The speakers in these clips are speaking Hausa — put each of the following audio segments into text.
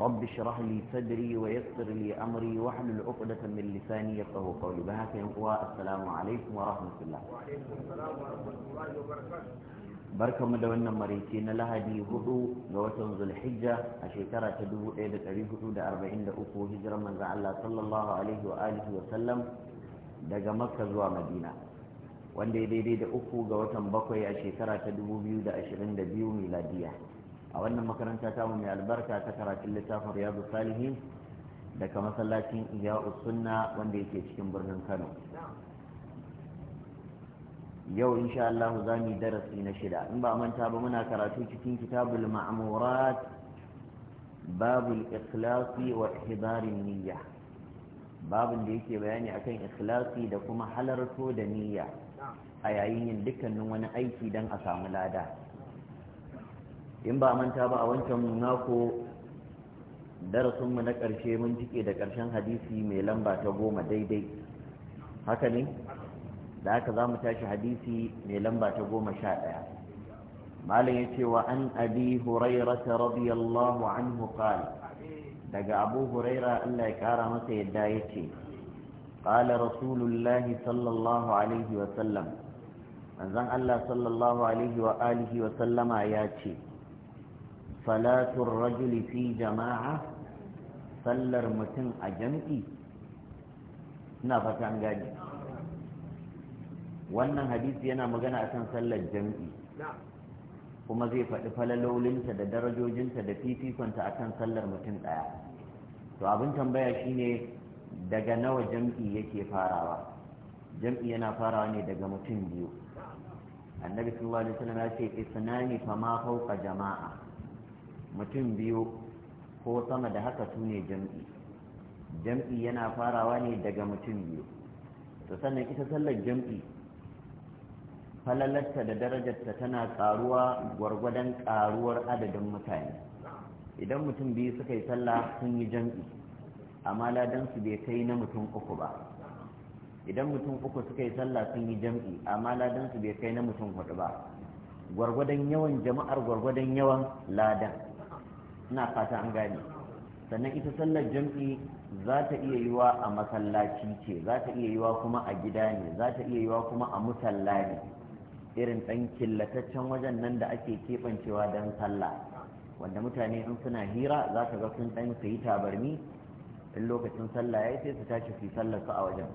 رب اشرح لي صدري ويسر لي امري واحلل عقدة من لساني يفقهوا قولي بهاك يا السلام عليكم ورحمة الله وعليكم السلام ورحمة الله وبركاته barka mu da wannan maraice na lahadi hudu ga watan zulhijja a shekara ta 1443 hijirar manzan Allah sallallahu alaihi wa alihi wa sallam daga makka zuwa madina wanda ya daidai da uku ga watan bakwai a shekara ta 2022 miladiya a wannan makaranta ta mai albarka ta karatun littafin riyadu salihin daga masallacin iya sunna wanda yake cikin birnin kano yau insha Allah za mu darasi na shida in ba manta ba muna karatu cikin kitabul ma'murat babul ikhlasi wa ihbarin niyya babin da yake bayani akan ikhlasi da kuma halarto da niyya a yayin yin dukkanin wani aiki don a samu lada in ba manta ba a wancan mako darasinmu na ƙarshe mun cike da ƙarshen hadisi mai lamba ta goma daidai haka ne da haka za mu tashi hadisi mai lamba ta goma sha ɗaya malam ya ce wa an abi huraira ta radiyallahu an qala daga abu huraira allah ya ƙara masa yadda ya ce qala rasulullahi sallallahu alaihi wa sallam manzon allah sallallahu alaihi wa alihi ya ce salatun rajuli fi jama'a sallar mutum a jam'i ina fata an wannan hadisi yana magana akan sallar jam'i kuma zai faɗi falalolinta da darajojinta da fifikonta akan sallar mutum ɗaya to abin tambaya shine daga nawa jam'i yake farawa jam'i yana farawa ne daga mutum biyu annabi sallallahu alaihi wasallam ya ce isnani ma fawqa jama'a mutum biyu ko sama da haka su ne jam'i jam'i yana farawa ne daga mutum biyu to sannan ita sallar jam'i falalarta da darajarta tana karuwa gwargwadon karuwar adadin mutane idan mutum biyu suka yi sallah sun yi jam'i amma ladan su bai kai na mutum uku ba idan mutum uku suka yi sallah sun yi jam'i amma ladan su bai kai na mutum hudu ba gwargwadon yawan jama'ar gwargwadon yawan ladan na fata an gane sannan ita sallar jam'i za ta iya yi wa a masallaci ce za ta iya yi wa kuma a gida ne za ta iya yi wa kuma a musalla ne irin ɗan killataccen wajen nan da ake keɓancewa don sallah wanda mutane in suna hira za ka ga sun ɗan su yi tabarni in lokacin sallah ya yi sai su tashi su salla su a wajen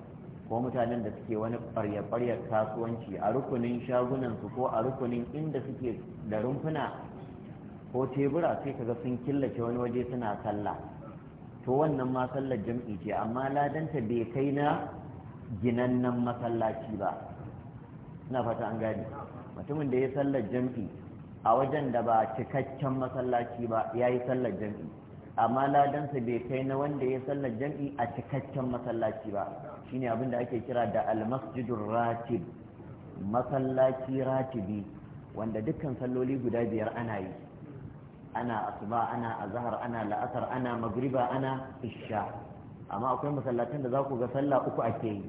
ko mutanen da suke wani ɓarya-ɓaryar kasuwanci a rukunin shagunansu ko a rukunin inda suke da rumfuna ko tebura sai kaga sun killace wani waje suna sallah to wannan ma sallar jam'i ce amma ladanta bai kai na ginannen masallaci ba ina fata an gani mutumin da ya sallar jam'i a wajen da ba cikakken masallaci ba ya yi sallar jam'i amma ladansa bai kai na wanda ya sallar jam'i a cikakken masallaci ba shine abin da ake kira da almasjidun ratib masallaci ratibi wanda dukkan salloli guda biyar ana yi ana asuba ana azhar ana la'asar ana magriba ana isha amma akwai masallacin da za ku ga sallah uku ake yi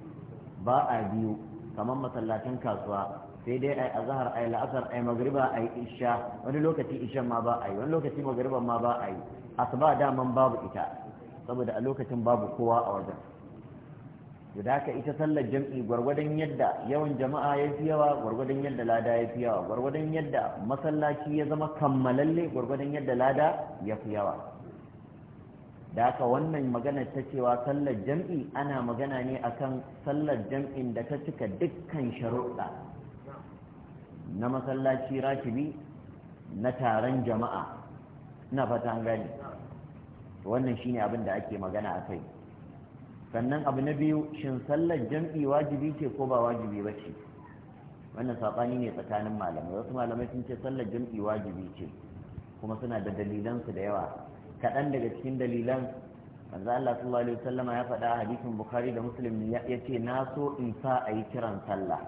ba a biyu kamar masallacin kasuwa sai dai ai azhar ai la'asar ai magriba ai isha wani lokaci isha ma ba yi, wani lokaci magriba ma ba yi asuba daman babu ita saboda a lokacin babu kowa a wajen to da haka ita sallar jam'i gwargwadon yadda yawan jama'a ya fi yawa gwargwadon yadda lada ya fi yawa gwargwadon yadda masallaci ya zama kammalalle gwargwadon yadda lada ya fi yawa da haka wannan magana ta cewa sallar jam'i ana magana ne akan sallar jam'in da ta cika dukkan sharuɗa na masallaci rakibi na taron jama'a na fatan gani wannan shine abin da ake magana a kai sannan abu na biyu shin sallar jam'i wajibi ce ko ba wajibi ba ce wannan saɓani ne tsakanin malamai wasu malamai sun ce sallar jam'i wajibi ce kuma suna da dalilansu da yawa kaɗan daga cikin dalilan manzo Allah sallallahu alaihi wasallama ya faɗa hadisin bukhari da muslim ya ce na so in sa a yi kiran sallah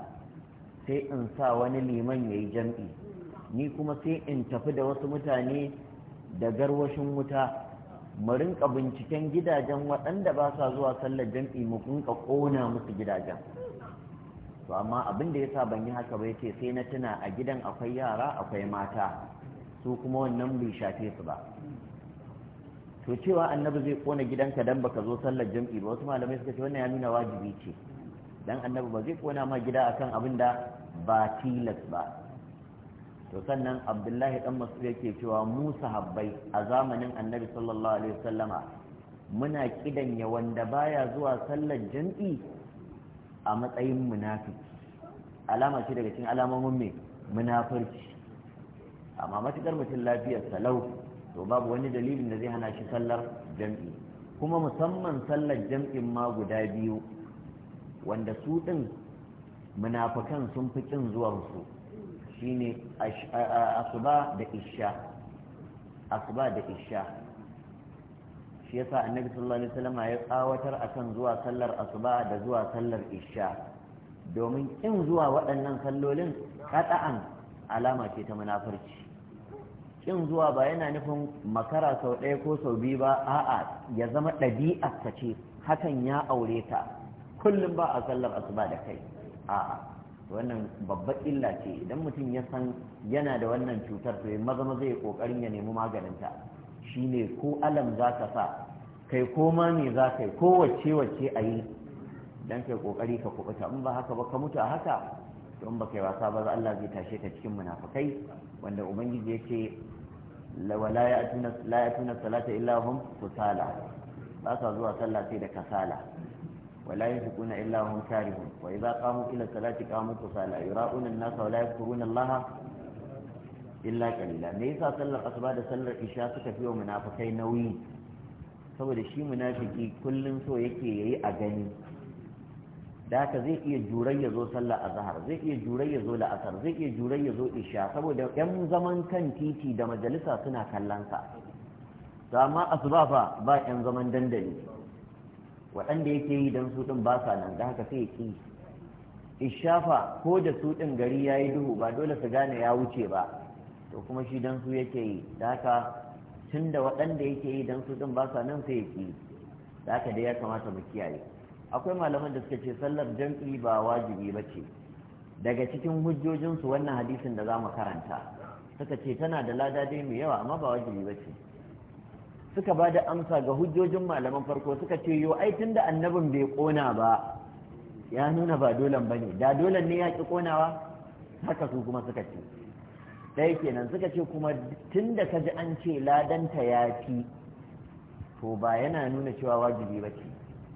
sai in sa wani liman ya yi jam'i ni kuma sai in tafi da wasu mutane da garwashin wuta mu rinka binciken gidajen waɗanda ba sa zuwa sallar jam'i mu rinka ƙona musu gidajen to amma abin da yasa ban yi haka ba ce sai na tuna a gidan akwai yara akwai mata su kuma wannan bai shafe su ba to cewa annabi zai kona gidanka dan baka zo sallar jam'i ba wasu malamai suka ce wannan ya nuna wajibi ce dan annabi ba zai kona ma gida akan abin da ba tilas ba to sannan abdullahi dan masu yake cewa Musa Habbai a zamanin annabi sallallahu alaihi wasallama muna kidanya wanda baya zuwa sallar jam'i a matsayin munafiki alama ce daga cikin alamomin mai munafurci amma matukar mutum lafiyar salau to babu wani dalilin da zai hana shi sallar jam'i kuma musamman sallar jam'in ma guda biyu wanda su ɗin munafukan sun fi ƙin su shine asuba da isha asuba da isha shi yasa annabi sallallahu alaihi wasallam ya tsawatar akan zuwa sallar asuba da zuwa sallar isha domin kin zuwa waɗannan sallolin kada'an alama ce ta munafurci kin zuwa ba yana nufin makara sau ɗaya ko sau biyu ba a'a ya zama ɗabi'a ta ce hakan ya aure ta, kullum ba a sallar asuba da kai a'a wannan babbar illa ce idan mutum ya san yana da wannan cutar to maza maza ya kokarin ya nemi maganinta shine ko alam za ka sa kai koma me za ka yi ko wacce wacce a yi dan kai kokari ka kubuta in ba haka ba ka mutu a haka to in ba kai wasa ba Allah zai tashe ka cikin munafikai wanda ubangiji yake wala ya'tuna la ya'tuna salata illa hum kusala ba sa zuwa sallah sai da kasala ولا ينفقون إلا وهم كارهون وإذا قاموا إلى الصلاة قاموا كسالى يراؤون الناس ولا يذكرون الله إلا قليلا me yasa sallar asuba da sallar isha suka fi wa munafikai nauyi saboda shi munafiki kullum so yake yayi a gani da haka zai iya jurai ya zo sallar azhar zai iya jurai ya zo la'asar zai iya jurai ya zo isha saboda yan zaman kan titi da majalisa suna kallon sa to amma asuba ba, ba yan zaman dandali waɗanda yake yi don su ɗin ba sa nan da haka sai ki ishafa ko da su ɗin gari ya yi duhu ba dole su gane ya wuce ba to kuma shi don su yake yi da haka tun da waɗanda yake yi don su ɗin ba sa nan sai ki da haka dai ya kamata mu kiyaye akwai malaman da suka ce sallar jam'i ba wajibi ba ce daga cikin hujjojinsu wannan hadisin da za mu karanta suka ce tana da lada dai mai yawa amma ba wajibi ba ce suka ba da amsa ga hujjojin malaman farko suka ce yo ai tun da annabin bai kona ba ya nuna ba dolan ne da dolan ne ya ki konawa haka su kuma suka ce ɗaya kenan suka ce kuma da ka ji an ce ladanta ya fi to ba yana nuna cewa wajibi ba ce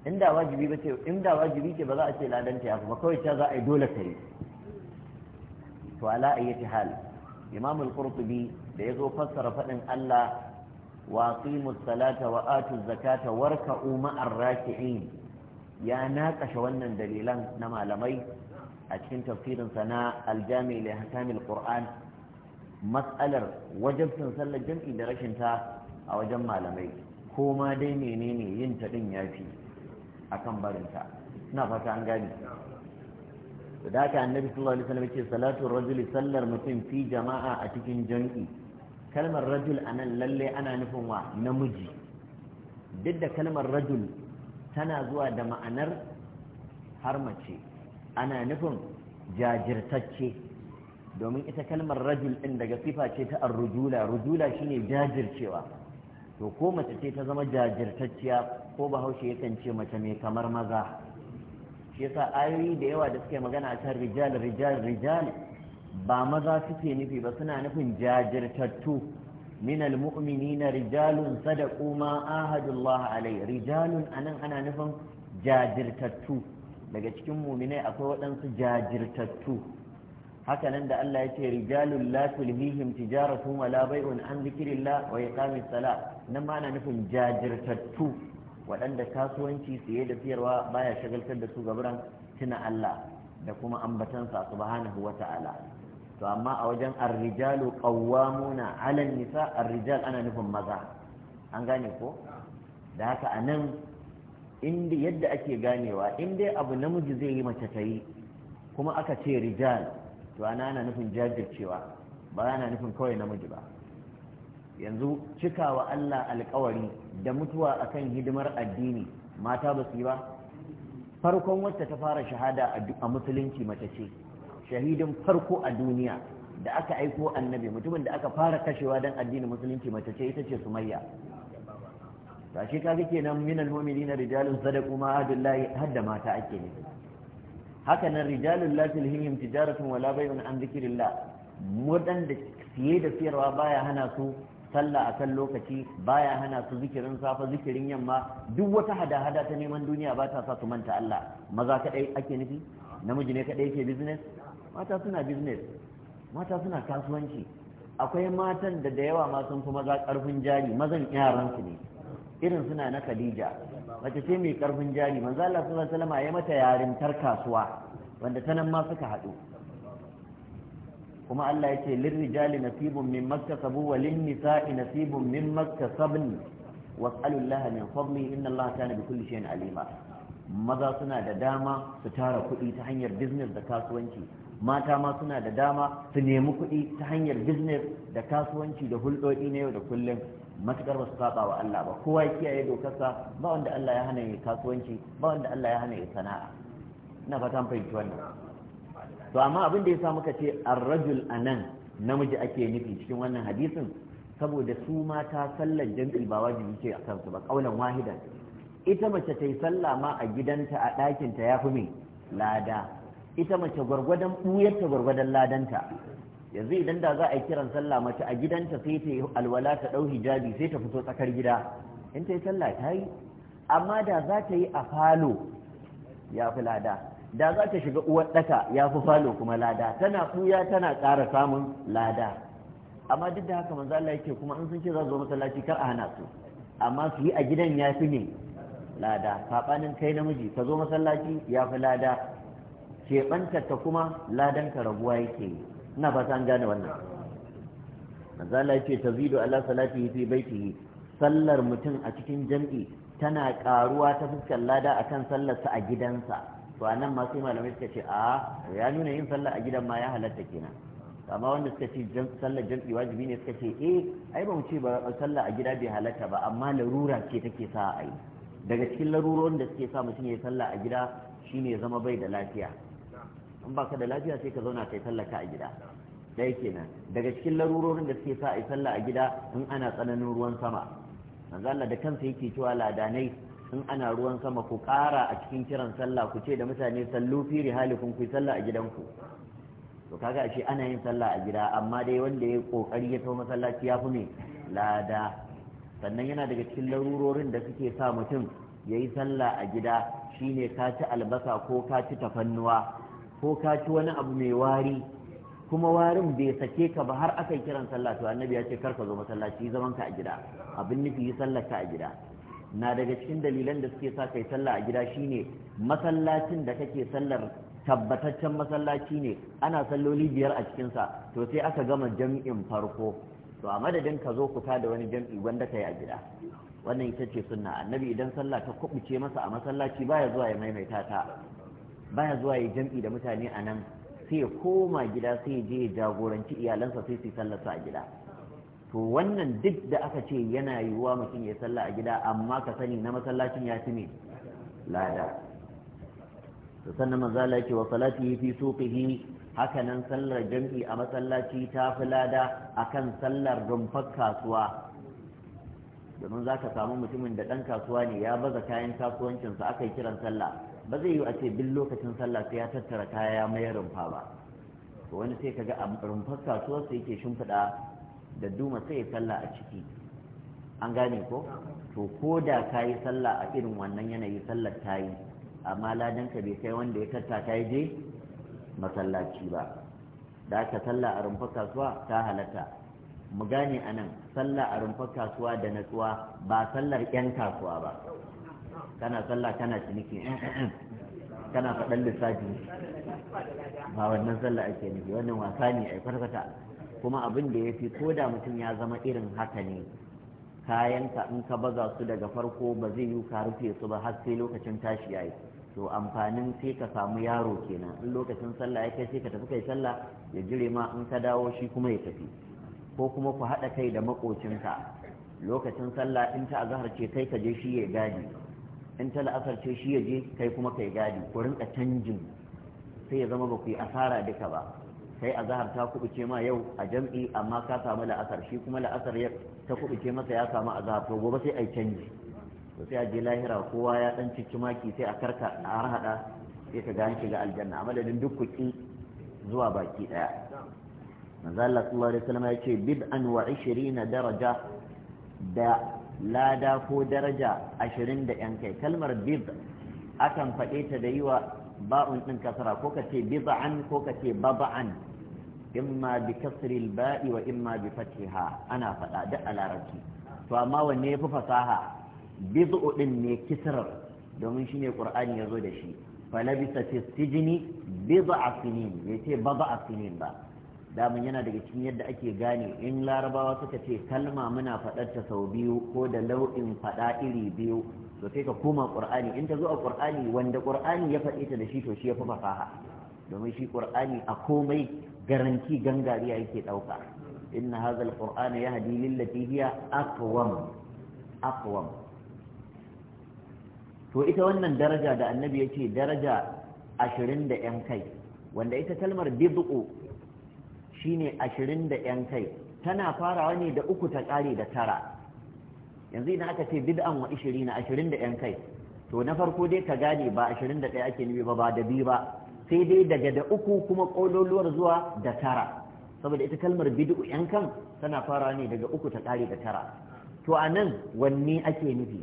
inda wajibi ba ce inda wajibi ce ba za a ce ladanta ya fi ba kawai ta za a yi dole ka yi to ala ayyati hal imamul qurtubi da ya zo fassara faɗin Allah واقيموا الصلاة وآتوا Zakata, warka مع raki'in, ya naƙashe wannan dalilan na malamai a cikin tafsirin sana aljami da ahkamil qur'an mas'alar wajibin sallar jam'i da rashin ta a wajen malamai ko ma dai menene yin ta din yafi a kan barinta? Suna fata an gani da haka annabi sallallahu alaihi wasallam ce salatu rajuli sallar mutum fi jama'a a cikin jam'i kalmar rajul a nan lalle ana nufin wa namiji duk da kalmar rajul tana zuwa da ma'anar har mace ana nufin jajirtacce domin ita kalmar rajul ɗin daga sifa ce ta arrujula rujula shine jajircewa to ko mace ce ta zama jajirtacciya ko bahaushe yakan ce mace mai kamar maza shi yasa ayoyi da yawa da suke magana a kan rijal rijal rijal ba maza suke nufi ba suna nufin jajirtattu min almu'minina rijalun sadaqu ma ahadullah alai rijalun anan ana nufin jajirtattu daga cikin muminai akwai waɗansu jajirtattu haka nan da Allah ya ce rijalun la tulhihim tijaratu wa la bai'un an zikrillah wa iqamis sala nan ma ana nufin jajirtattu waɗanda kasuwanci saye da siyarwa baya shagaltar da su gaburan tuna Allah da kuma ambatansa subhanahu wa ta'ala to amma a wajen arrijalu qawwamuna 'ala nisa arrijal ana nufin maza an gane ko da haka anan inda yadda ake ganewa in dai abu namiji zai yi mace ta yi kuma aka ce rijal to ana ana nufin jajircewa ba ana nufin kawai namiji ba yanzu cikawa Allah alkawari da mutuwa akan hidimar addini mata ba su yi ba farkon wacce ta fara shahada a musulunci mace ce shahidin farko a duniya da aka aiko annabi mutumin da aka fara kashewa don addinin musulunci mace ce ita ce sumayya ta shi kaga kenan minal mu'minina rijalun sadaqu ma adullahi hadda mata ake ne haka nan rijalun la tulhihim tijaratun wala bay'un an dhikrillah mudan da siye da siyarwa baya hana su sallah a kan lokaci baya hana su zikirin safa zikirin yamma duk wata hada-hada ta neman duniya ba ta sa su manta Allah maza kadai ake nufi namiji ne kadai yake business mata suna business mata suna kasuwanci akwai matan da da yawa ma sun fi maza karfin jari mazan yaransu ne irin suna na Khadija mace ce mai karfin jari manzo Allah sallallahu alaihi wasallam ya mata yarintar kasuwa wanda ta nan ma suka haɗu kuma Allah yake ce lirrijali nasibun min maktasabu wa lin nisa'i nasibun min maktasabni was'alu Allah min fadli inna Allah kana bi kulli shay'in alima maza suna da dama su tara kuɗi ta hanyar business da kasuwanci mata ma suna da dama su nemi kuɗi ta hanyar business da kasuwanci da hulɗoɗi na yau da kullum matuƙar wasu saba wa Allah ba kowa ya kiyaye dokarsa ba wanda Allah ya hana ya kasuwanci ba wanda Allah ya hana ya sana'a ina fatan fahimci wannan to amma abin da ya sa muka ce ar-rajul nan namiji ake nufi cikin wannan hadisin saboda su mata sallar jam'i ba wajibi ce a kansu ba kaulan wahida ita mace ta yi sallah ma a gidanta a ɗakinta ya fi mai lada ita mace gwargwadon ɓuyarta gwargwadon ladanta yanzu idan da za a yi kiran sallah mace a gidanta sai ta yi alwala ta ɗau hijabi sai ta fito tsakar gida in ta yi sallah ta yi amma da za ta yi a falo ya fi lada da za ta shiga uwar ɗaka ya fi falo kuma lada tana ɓuya tana ƙara samun lada amma duk da haka manzo Allah yake kuma in sun ce za su zo masallaci kar a hana su amma su yi a gidan ya fi ne lada saɓanin kai namiji ka zo masallaci ya fi lada keɓantar ta kuma ladan ka rabuwa yake yi ina fata an gane wannan manzala ta zido ala salatihi fi baitihi sallar mutum a cikin jam'i tana karuwa ta fuskar lada akan sallarsa a gidansa to anan ma sai malamai suka ce a ya nuna yin sallar a gidan ma ya halatta kenan amma wanda suka ce sallar jam'i wajibi ne suka ce eh ai ba mu ce ba sallar a gida bai halatta ba amma larura ce take sa a yi daga cikin larurorin da suke sa mutum ya sallah a gida shine zama bai da lafiya in baka da lafiya sai ka zauna kai sallaka a gida dai kenan daga cikin larurorin da suke sa a sallah a gida in ana tsananin ruwan sama manzo Allah da kansa yake cewa ladanai in ana ruwan sama ku kara a cikin kiran sallah ku ce da mutane sallu fi rihalikum ku sallah a gidanku to kaga ce ana yin sallah a gida amma dai wanda ya kokari ya tawo masallaci ya fi me lada sannan yana daga cikin larurorin da suke sa mutum ya yi sallah a gida shine ka ci albasa ko ka ci tafannuwa ko ka ci wani abu mai wari kuma warin bai sake ka ba har aka yi kiran sallah to annabi ya ce kar ka zo masallaci zaman ka a gida abin nufi yi sallar ka a gida na daga cikin dalilan da suke sa kai sallah a gida shine masallacin da kake sallar tabbataccen masallaci ne ana salloli biyar a cikin sa to sai aka gama jam'in farko to a madadin ka zo ku ta da wani jam'i wanda ka a gida wannan ita ce sunna annabi idan sallah ta kubuce masa a masallaci baya zuwa ya maimaita ta baya zuwa ya jam'i da mutane a nan sai ya koma gida sai ya je ya jagoranci iyalansa sai su sallarsa a gida to wannan duk da aka ce yana yiwuwa mutum ya salla a gida amma ka sani na masallacin ya fi ne lada to sannan maza yake wa salati fi suqihi haka nan sallar jam'i a masallaci ta fi lada akan sallar rumfar kasuwa domin za ka samu mutumin da ɗan kasuwa ne ya baza kayan kasuwancinsa aka yi kiran sallah ba zai yi a ce bin lokacin sallah sai ya tattara kaya ya mayar rumfa ba to wani sai kaga a rumfar kasuwar sai yake shimfiɗa da duma sai ya sallah a ciki an gane ko to ko da ka yi sallah a irin wannan yanayi sallar ta yi amma ladan ka bai kai wanda ya ta yi je masallaci ba da aka sallah a rumfar kasuwa ta halatta mu gane anan sallah a rumfar kasuwa da natsuwa ba sallar 'yan kasuwa ba kana sallah kana ciniki eh, eh, eh. kana faɗan lissafi ba wannan sallah ake nufi wannan wasa ne ai kwata kuma abin da ya fi ko da mutum ya zama irin haka ne kayanka in ka baza su daga farko ba zai yi ka rufe su ba har sai lokacin tashi yayi to amfanin sai ka samu yaro kenan in lokacin sallah ya kai sai ka tafi kai sallah ya jire ma in ka dawo shi kuma ya tafi ko kuma ku haɗa kai da maƙocinka lokacin sallah in ta azahar ce kai ka je shi ya gadi in ta la'asar ce shi ya je kai kuma kai gadi ku rinka canjin sai ya zama ba ku yi asara duka ba kai a zahar ta kubuce ma yau a jam'i amma ka samu la'asar shi kuma la'asar ta kubuce masa ya samu a zahar to gobe sai a yi canji to sai a je lahira kowa ya dan cici maki sai a karka a harhaɗa sai ka gani shiga aljanna a madadin duk kuɗi zuwa baki ɗaya manzo Allah sallallahu alaihi wasallam ya ce bid'an wa 20 daraja da lada ko daraja ashirin da yan kai kalmar bid akan faɗe ta da yiwa ba'un ɗin kasara ko ka ce bid'an ko ka ce baba'an imma bi kasri ba'i wa imma bi fatiha ana faɗa da a larabci to amma wanne yafi fasaha bid'u din ne kisrar domin shine qur'ani zo da shi falabisa fi sijni bid'a sinin yace bid'a sinin ba damun yana daga cikin yadda ake gane in larabawa suka ce kalma muna faɗar ta sau biyu ko da lau'in faɗa iri biyu to sai ka koma ƙur'ani in ta zo a ƙur'ani wanda ƙur'ani ya faɗe ta da shi to shi ya fi fasaha domin shi ƙur'ani a komai garanti gangariya yake ɗauka inna hazal ƙur'ani ya lillati hiya aqwam aqwam to ita wannan daraja da annabi yace daraja ashirin da yan kai wanda ita kalmar bid'u shine ashirin da yan kai tana farawa ne da uku ta ƙare da tara yanzu idan aka ce bid'an wa na ashirin da yan kai to na farko dai ka gane ba ashirin da ɗaya ake nufi ba ba da biyu ba sai dai daga da uku kuma ƙololuwar zuwa da tara saboda ita kalmar bid'u yan kan tana farawa ne daga uku ta ƙare da tara to a nan wanne ake nufi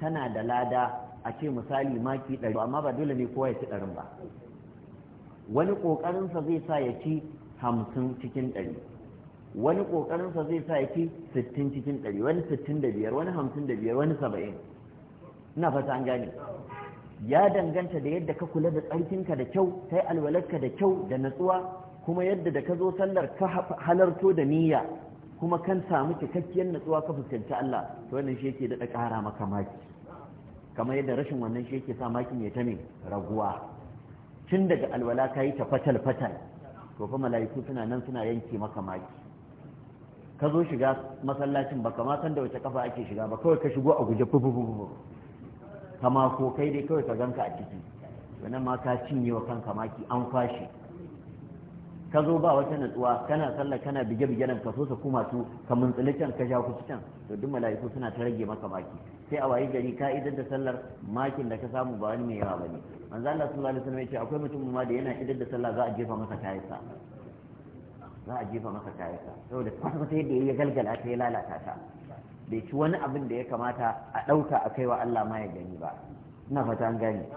tana da lada a ce misali maki ɗari amma ba dole ne kowa ya ci ɗarin ba wani ƙoƙarinsa zai sa ya ci hamsin cikin ɗari wani ƙoƙarinsa zai sa ya ci sittin cikin ɗari wani sittin da biyar wani hamsin da biyar wani saba'in ina fata an gane ya danganta da yadda ka kula da tsarkinka da kyau kai alwalarka da kyau da natsuwa kuma yadda da ka zo sallar ka halarto da niyya kuma kan samu cikakkiyar natsuwa ka fuskanci Allah to wannan shi yake daɗa ƙara maka maki kamar yadda rashin wannan shi yake sa makin ya ta raguwa tun daga alwala ka yi ta fatal fatal to fa mala'iku suna nan suna yanke maka maki ka zo shiga masallacin baka ma san da wace kafa ake shiga ba kawai ka shigo a guje fufufufu kama ko kai dai kawai ka ganka a ciki wannan ma ka cinye wa kanka maki an kwashe ka zo ba wata natsuwa kana sallah kana bige bige nan ka so ka kuma su ka muntsili can ka sha kusa can to duk mala'iku suna ta rage maka maki sai a wayi gari ka idar da sallar makin da ka samu ba wani mai yawa ne manzo Allah sallallahu alaihi wasallam ya ce akwai mutum ma da yana idar da sallah za a jefa masa kayansa za a jefa masa kayansa saboda sai yadda ya galgala ta ya lalata ta bai ci wani abin da ya kamata a ɗauka a kaiwa Allah ma ya gani ba ina fata an gane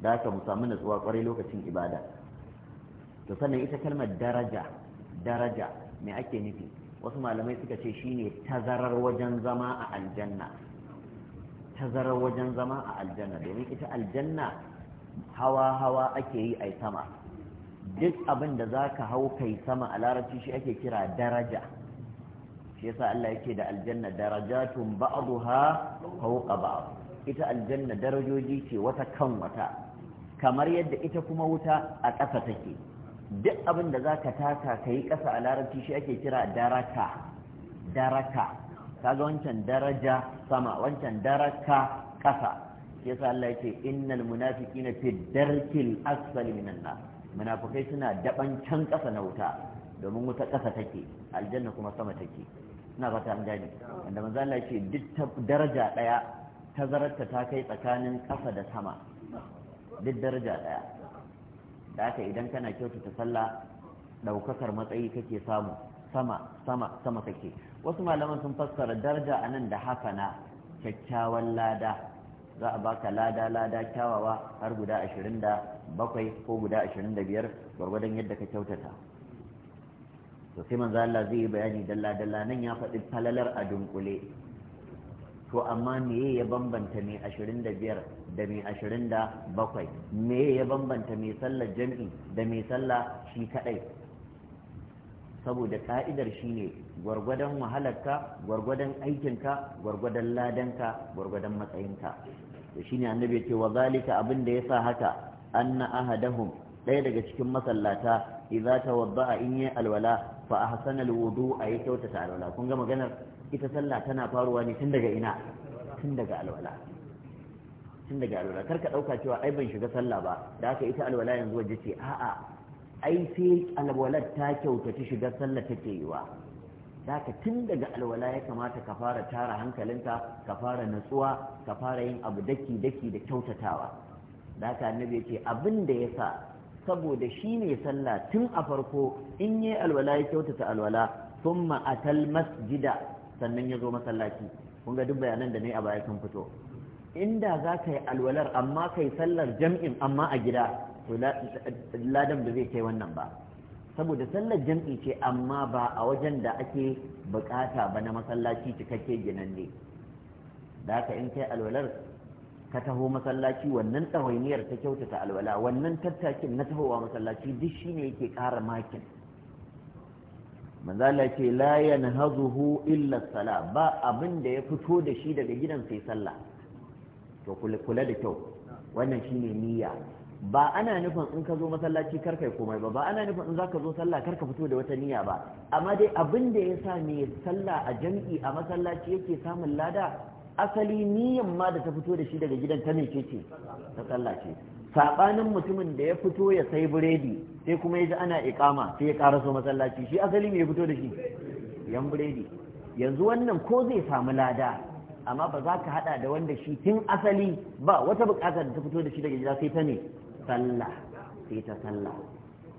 da haka mu samu natsuwa kwarai lokacin ibada to sannan ita kalmar daraja daraja me ake nufi wasu malamai suka ce shine tazarar wajen zama a aljanna tazarar wajen zama a aljanna domin ita aljanna hawa hawa ake yi a sama duk abin da za ka hau kai sama a larabci shi ake kira daraja shi yasa Allah yake da aljanna darajatun ba'daha fawqa ba'd ita aljanna darajoji ce wata kan wata kamar yadda ita kuma wuta a ƙasa take duk abin da za ka taka ka yi ƙasa a larabci shi ake kira daraka daraka kaga wancan daraja sama wancan daraka ƙasa shi yasa Allah ya ce innal munafiqina fi darkil asfali minan nar munafikai suna daban can ƙasa na wuta domin wuta ƙasa take aljanna kuma sama take ina fata an gane wanda manzo Allah ya ce duk daraja daya tazararta ta kai tsakanin ƙasa da sama duk daraja daya da haka idan kana kyautata sallah daukakar matsayi kake samu sama sama sama kake wasu malaman sun fassara daraja anan da haka na kyakkyawan lada za a baka lada lada kyawawa har guda ashirin da bakwai ko guda ashirin da biyar gwargwadon yadda ka kyautata to sai manzo zai yi bayani dalla dalla nan ya faɗi falalar a dunkule to amma me ya bambanta mai ashirin da biyar da mai ashirin da bakwai me ya bambanta mai sallar jam'i da mai sallah shi kadai saboda ka'idar shi ne gwargwadon wahalarka gwargwadon aikinka gwargwadon ladanka gwargwadon matsayinka to shine annabi ce wa zalika abin da sa haka anna ahadahum ɗaya daga cikin masallata idza tawadda'a in yi alwala fa ahsana a yi kyautata alwala kun ga maganar ita sallah tana faruwa ne tun daga ina tun daga alwala tun daga alwala kar ka dauka cewa ai ban shiga sallah ba da haka ita alwala yanzu waje ce a'a ai sai alwalar ta kyautaci shiga sallah take yiwa da haka tun daga alwala ya kamata ka fara tara hankalinka ka fara natsuwa ka fara yin abu daki daki da kyautatawa da haka annabi yace abin da sa saboda shi ne sallah tun a farko in yi alwala ya kyautata alwala thumma atal masjida sannan ya zo masallaci kun ga duk bayanan da ne a baya sun fito inda za ka yi alwalar amma kai sallar jam'in amma a gida to ladan da zai kai wannan ba saboda sallar jam'i ce amma ba a wajen da ake bukata ba na masallaci cikakke ginanne da ka in kai alwalar ka taho masallaci wannan ɗawainiyar ta kyautata alwala wannan tattakin na tahowa masallaci duk shine yake ƙara makin manzala ce la yanhazuhu illa sala ba abin da ya fito da shi daga gidan sai sallah to kula da kyau wannan shine niyya ba ana nufin in ka zo masallaci kar komai ba ba ana nufin in zaka zo sallah karka fito da wata niyya ba amma dai abin da ya sa ne sallah a jam'i a masallaci yake samun lada asali niyyan ma da ta fito da shi daga gidan ta mece ce ta sallah ce sabanin mutumin da ya fito ya sai biredi sai kuma ya ji ana ikama sai ya karaso masallaci shi asali me ya fito da shi yan biredi yanzu wannan ko zai samu lada amma ba za ka hada da wanda shi tun asali ba wata bukata da ta fito da shi daga gida sai ta ne sallah sai ta sallah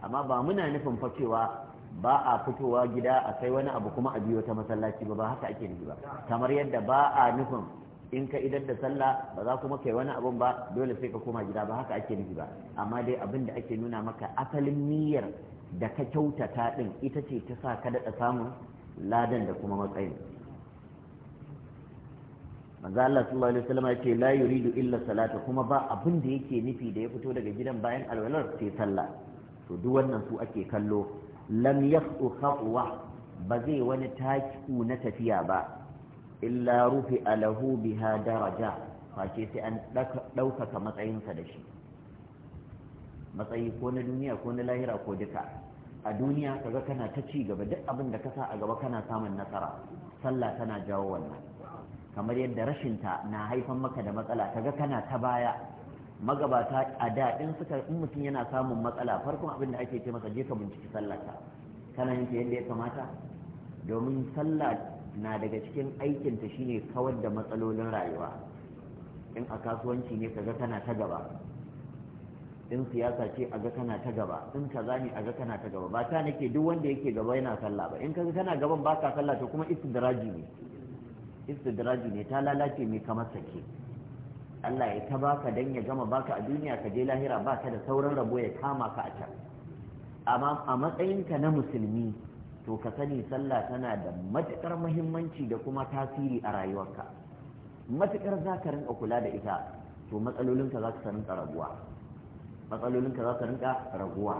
amma ba muna nufin fakewa ba a fitowa gida a sai wani abu kuma a biyo ta masallaci ba ba haka ake nufi ba kamar yadda ba a nufin in ka idan da sallah ba za kuma kai wani abun ba dole sai ka koma gida ba haka ake nufi ba amma dai abin da ake nuna maka asalin niyyar da ka kyautata din ita ce ta sa ka daɗa samun ladan da kuma matsayin manzo Allah sallallahu alaihi wasallam ya ce la yuridu illa salata kuma ba abin da yake nufi da ya fito daga gidan bayan alwalar sai sallah to duk wannan su ake kallo lam khatwa ba zai wani taku na tafiya ba illa rufi alahu biha daraja face sai an ɗaukaka matsayinsa da shi matsayi ko na duniya ko na lahira ko duka a duniya kaga kana ta ci gaba duk abin da ka sa a gaba kana samun nasara sallah tana jawo wannan kamar yadda rashinta na haifan maka da matsala kaga kana ta baya magabata a da in suka in mutum yana samun matsala farkon abin da ake ce masa je ka binciki ta kana yin ta yadda ya kamata domin sallah na daga cikin aikinta shine kawar da matsalolin rayuwa in a kasuwanci ne kaga kana ta gaba in siyasa ce a ga kana ta gaba in kaza ne a ga kana ta gaba ba ta nake duk wanda yake gaba yana sallah ba in kaga kana gaban ba ka sallah to kuma istidraji ne istidraji ne ta lalace mai kamar sake Allah ya ta baka dan ya gama baka a duniya ka je lahira baka da sauran rabo ya kama ka a can amma a matsayinka na musulmi to ka sani sallah tana da matuƙar muhimmanci da kuma tasiri a rayuwarka matuƙar za ka rinka kula da ita to matsalolinka za ka rinka raguwa matsalolinka za ka rinka raguwa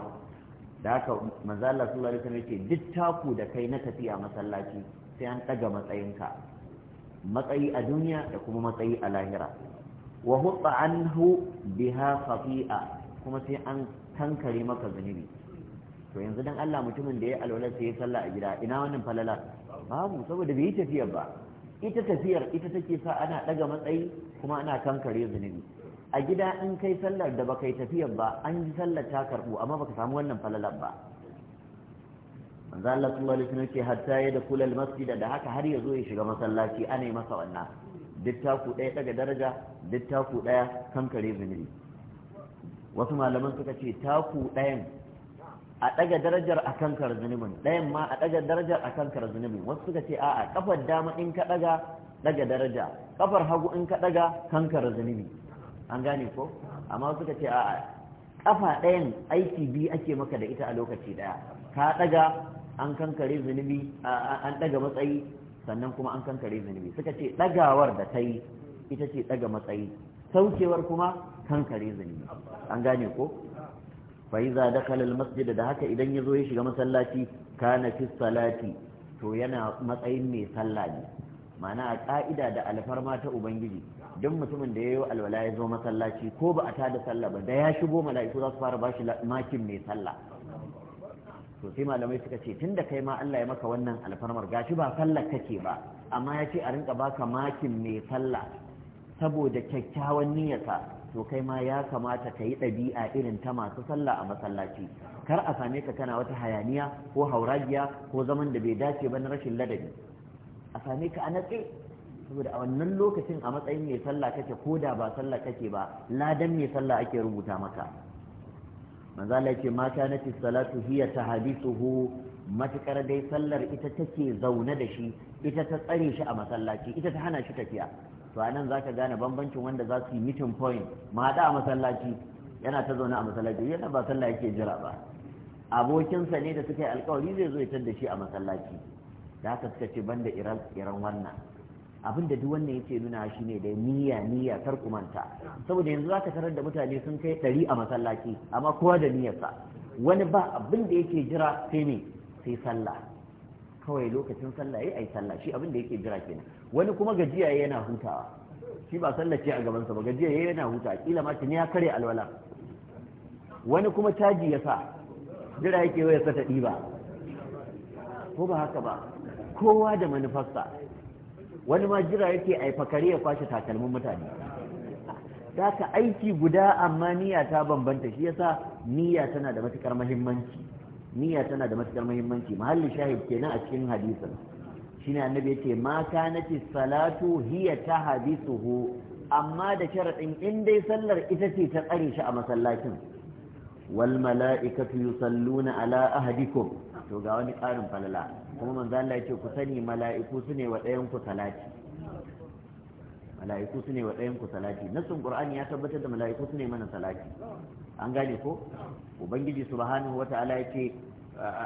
da haka manzo Allah sallallahu alaihi yake duk taku da kai na tafiya masallaci sai an ɗaga matsayinka matsayi a duniya da kuma matsayi a lahira wa an anhu biha khati'a kuma sai an kankare maka zunubi to yanzu dan Allah mutumin da ya alwala sai sallah a gida ina wannan falala babu saboda bai yi tafiyar ba ita tafiyar ita take sa ana daga matsayi kuma ana kankare zunubi a gida in kai sallar da baka yi tafiyar ba an ji sallar ta karbu amma baka samu wannan falalar ba manzo Allah sallallahu alaihi hatta ya da haka har ya zo ya shiga masallaci ana yi masa wannan duk taku daya daga daraja duk taku daya kankare zunubi wasu malaman suka ce taku dayan a ɗaga darajar a kan kar zunubin ɗayan ma a ɗaga darajar a kan kar zunubin wasu suka ce a'a ƙafar dama in ka ɗaga ɗaga daraja Ƙafar hagu in ka ɗaga kan kar zunubi an gane ko amma suka ce a'a ƙafa ɗayan aiki biyu ake maka da ita a lokaci ɗaya ka ɗaga an kankare zunubi an ɗaga matsayi sannan kuma an kankare zunubi suka ce ɗagawar da ta yi ita ce ɗaga matsayi saukewar kuma kankare zunubi an gane ko fa iza dakhala al da haka idan ya zo ya shiga masallaci kana fi salati to yana matsayin mai sallah ne ma'ana a ka'ida da alfarma ta ubangiji duk mutumin da ya yayi alwala ya zo masallaci ko ba a tada sallah ba da ya shigo mala'iku za su fara bashi makin mai sallah to malamai suka ce tunda kai ma Allah ya maka wannan alfarmar gashi ba sallar kake ba amma ya ce a rinka baka makin mai sallah saboda kyakkyawan niyyarsa to kai ma ya kamata ka yi ɗabi'a irin ta masu sallah a masallaci kar a same ka kana wata hayaniya ko hauragiya ko zaman da bai dace ba na rashin ladabi a same ka a natse saboda a wannan lokacin a matsayin mai sallah kake ko da ba sallah kake ba ladan mai sallah ake rubuta maka manzo Allah yake ma kanat salatu hiya tahadithuhu matukar dai sallar ita take zaune da shi ita ta tsare shi a masallaci ita ta hana shi tafiya to a nan za ka gane bambancin wanda za su yi meeting point ma haɗa a masallaci yana ta zaune a masallaci yana ba sallah yake jira ba abokinsa ne da suka yi alkawari zai zo ya da shi a masallaci da haka suka ce banda iran iran wannan abin da duk wannan yake nuna shi ne da niyya niyya kar saboda yanzu za ka tarar da mutane sun kai ɗari a masallaci amma kowa da niyyarsa wani ba abin da yake jira sai ne sai sallah kawai lokacin sallah ya yi sallah shi abin da yake jira kenan wani kuma gajiya yana hutawa shi ba sallah ce a gaban sa ba gajiya yana hutawa kila ma ne ya kare alwala wani kuma caji ya sa jira yake waya sa ta diba ko ba haka ba kowa da manufarsa wani ma jira yake ai fakari ya kwashe takalmin mutane da ka aiki guda amma niyya ta bambanta shi yasa niyya tana da matukar muhimmanci niyya tana da matukar muhimmanci mahallin shahid kenan a cikin hadisin shine annabi yace ma kanati salatu hiya ta tahdithuhu amma da sharadin in dai sallar ita ce ta tsare shi a masallacin wal mala'ikatu yusalluna ala ahadikum to ga wani karin falala kuma manzo Allah yace ku sani mala'iku sune wa ɗayan ku salati mala'iku wa salati nasun qur'ani ya tabbatar da mala'iku sune mana salati an gane ko ubangiji subhanahu wata'ala yace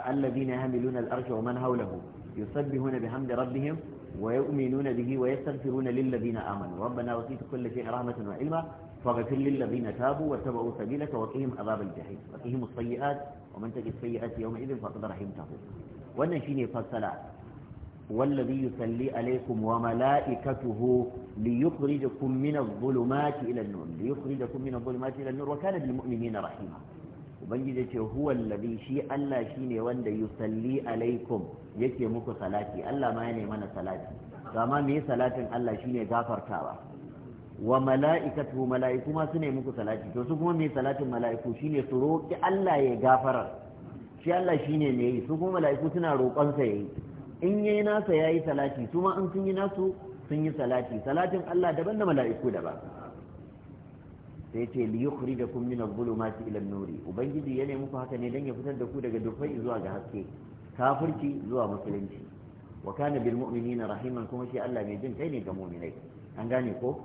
allazina yahmiluna al-arsha wa man hawlahu yusabbihuna bihamdi rabbihim wa yu'minuna bihi wa yastaghfiruna lillazina amanu rabbana wasita kulli shay'in rahmatan wa ilma فاغفر للذين تابوا واتبعوا سبيلك وقهم عذاب الجحيم وقهم السيئات ومن تجد سيئات يومئذ فقد rahimtahu wannan shine fassara والذي يصلي عليكم وملائكته ليخرجكم من الظلمات إلى النور ليخرجكم من الظلمات إلى النور وكان بالمؤمنين رحيما ubangiji ce huwa allazi shi Allah shi ne wanda yusalli alaikum yake muku salati Allah ma yana mana salati amma me salatin Allah shi ne gafartawa wa mala'ikatu mala'iku ma sune muku salati to su kuma me salatin mala'iku ne su roki Allah ya gafarar shi Allah shi ne me yi su kuma mala'iku suna roƙon sa yayi in yi nasa ya yi salati su ma an sun yi nasu sun yi salati salatin Allah daban da mala'iku da ba sai ce li da min bulu masu masu ilan nuri ubangiji ya nemi muku haka ne don ya fitar da ku daga dufai zuwa ga haske kafirci zuwa musulunci wa kana bil mu'minina rahiman kuma shi Allah mai jin kai ne ga mu'minai an gane ko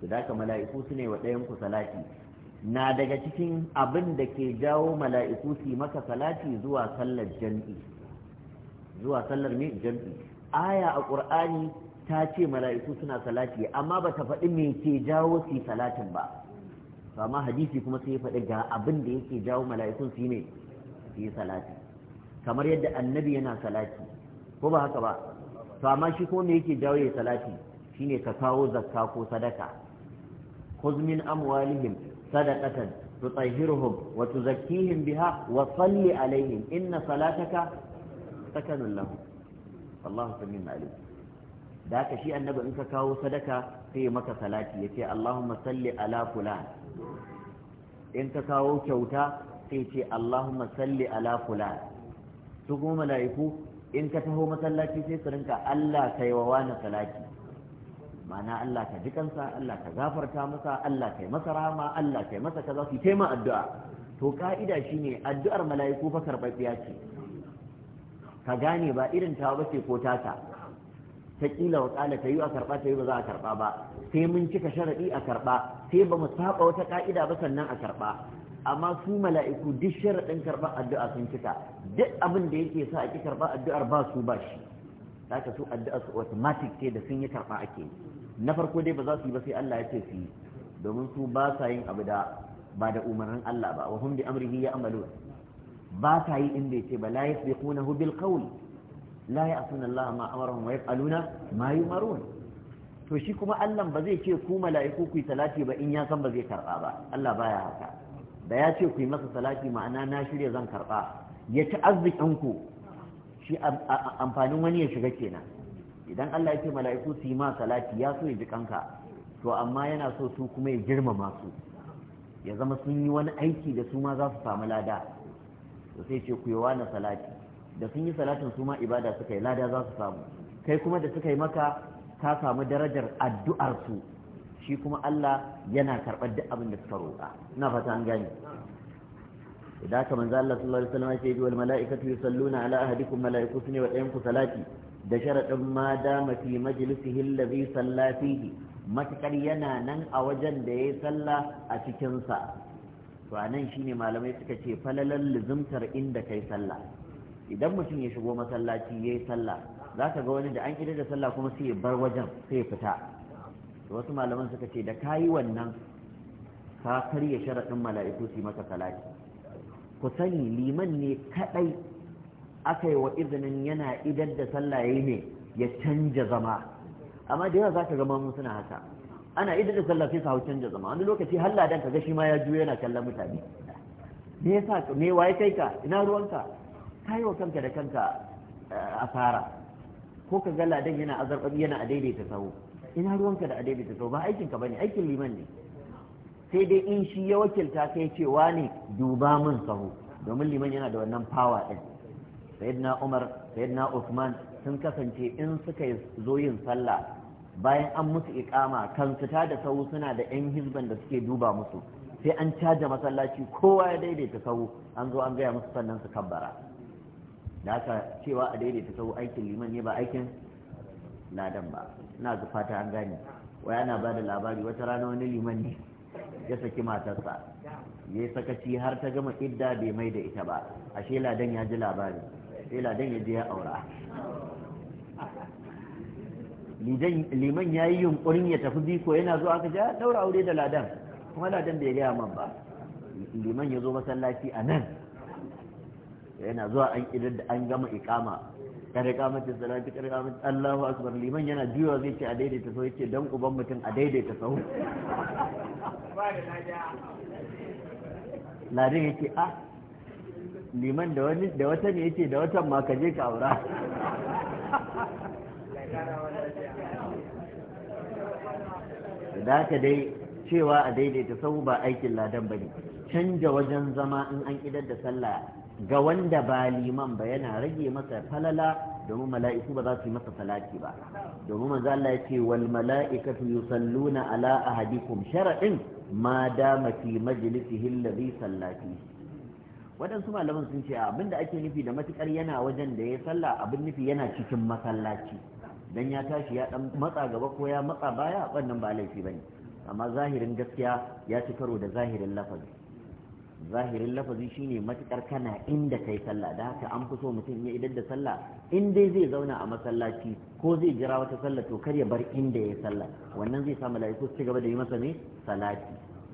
su daka mala'iku su ne wa ɗayan ku salati na daga cikin abin da ke jawo mala'iku su yi maka salati zuwa sallar jam'i zuwa sallar ne jam'i aya a qur'ani ta ce mala'iku suna salati amma ba ta faɗi me ke jawo su salatin ba amma hadisi kuma sai ya faɗi ga abin da yake jawo mala'ikun su ne su yi salati kamar yadda annabi yana salati ko ba haka ba to amma shi ko me yake jawo ya salati shine ka kawo zakka ko sadaka kuzmin min amwalihim sadaqatan tutahhiruhum wa tuzakkihim biha wa salli alaihim inna salataka sakanun lahu Allahu samin da haka shi annabi in ka kawo sadaka sai maka salati yace Allahumma salli ala in ka kawo kyauta sai ce Allahumma salli ala su kuma mala'iku in ka taho masallaci sai su rinka Allah kai wa wani salati ma'ana Allah ka ji kansa Allah ka gafarta masa Allah kai masa Allah masa kaza su taima addu'a to ka'ida shine addu'ar mala'iku ce ka gane ba irin ta ba ce ko tata ta kila wa kala ta yi a karba ta yi ba za a karba ba sai mun cika sharadi a karba sai ba mu saba wata ka'ida ba sannan a karba amma su mala'iku duk sharadin karba addu'a sun cika duk abin da yake sa a ki karba addu'ar ba su ba shi zaka su addu'a su automatic ce da sun yi karba ake na farko dai ba za su yi ba sai Allah ya ce su yi domin su ba sa yin abu da ba da umarnin Allah ba wa hum bi amrihi amalu ba ta yi inda ya ce ba la yasbiqunahu bil qawl la ya'suna Allah ma amarahum wa yaf'aluna ma yumarun to shi kuma Allah ba zai ce ku mala'iku ku yi salati ba in ya san ba zai karba ba Allah baya haka da ya ce ku yi masa salati ma'ana na shirya zan karba ya ci arzikinku. shi amfanin wani ya shiga kenan idan Allah ya ce mala'iku su yi ma salati ya so ya ji kanka to amma yana so su kuma ya girmama su ya zama sun yi wani aiki da su ma za su samu lada to sai ce ku yi wani salati da sun yi salatin su ma ibada suka yi lada za su samu kai kuma da suka yi maka ka samu darajar addu'ar su shi kuma Allah yana karɓar duk abin da suka roƙa ina fata an gane idan ka manzo Allah sallallahu alaihi wasallam ya ce wal mala'ikatu yusalluna ala ahadikum mala'iku sunne wa ku salati da sharadin ma dama fi majlisihi allazi salla fihi matakar yana nan a wajen da yayi sallah a cikin sa to a nan shine malamai suka ce falalan lizumtar inda kai sallah idan mutum ya shigo masallaci ya yi sallah za ka ga wani da an idar da sallah kuma sai ya bar wajen sai ya fita to wasu malaman suka ce da ka wannan ka karya sharaɗin mala'iku su yi maka salati ku sani liman ne kaɗai aka yi wa izinin yana idar da sallah ya yi ne ya canja zama amma da yawa za ka ga mamu suna haka ana idan da sallah sai su hau canja zama wani lokaci halla dan kaga shi ma ya juyo yana kallon mutane me yasa me waye kai ka ina ruwanka kai wa kanka da kanka eh, asara ko ka ga ladan yana azarbabi yana a daidaita sahu ina ruwanka da a daidaita sahu ba aikin ka bane aikin liman ne sai dai in shi ya wakilta kai cewa ne duba min sahu domin liman yana da wannan fawa din sayyidina umar sayyidina usman sun kasance in suka zo yin sallah bayan an musu ikama kan su da sahu suna da yan hizban da suke duba musu sai an caja masallaci kowa ya daidaita sahu an zo an gaya musu sannan su kabbara da haka cewa a daidaita sahu aikin liman ne ba aikin ladan ba ina ga fata an gane wai ana ba da labari wata rana wani liman ne ya saki matarsa ya sakaci har ta gama idda bai mai da ita ba ashe ladan ya ji labari sai ladan ya je ya aura liman ya yi yunkurin ya tafi biko yana zuwa aka ja ah, daura aure da ladan kuma ladan bai gaya man ba liman ya zo masallaci a nan yana zuwa an idar da an gama ikama kare kamata salati kare kamata Allahu akbar liman yana juyawa zai ce a daidaita sau yace dan uban mutum a daidaita sau ladan yake a ah, liman da wani da wata ne yake da watan ma ka je ka aura da haka dai cewa a daidaita sau ba aikin ladan bane canja wajen zama in an idar da sallah ga wanda ba liman ba yana rage masa falala domin mala'iku ba za su yi masa salati ba domin manzo Allah yace wal mala'ikatu yusalluna ala ahadikum sharadin ma dama fi majlisihi alladhi sallati waɗansu malaman sun ce abin da ake nufi da matukar yana wajen da ya sallah abin nufi yana cikin masallaci dan ya tashi ya dan matsa gaba ko ya matsa baya wannan ba laifi bane amma zahirin gaskiya ya ci karo da zahirin lafazi zahirin lafazi shine matukar kana inda kai sallah da haka an fi so mutum ya idar da sallah in dai zai zauna a masallaci ko zai jira wata sallah to kar ya bar inda ya sallah wannan zai sa mala'iku su ci gaba da yi masa ne salati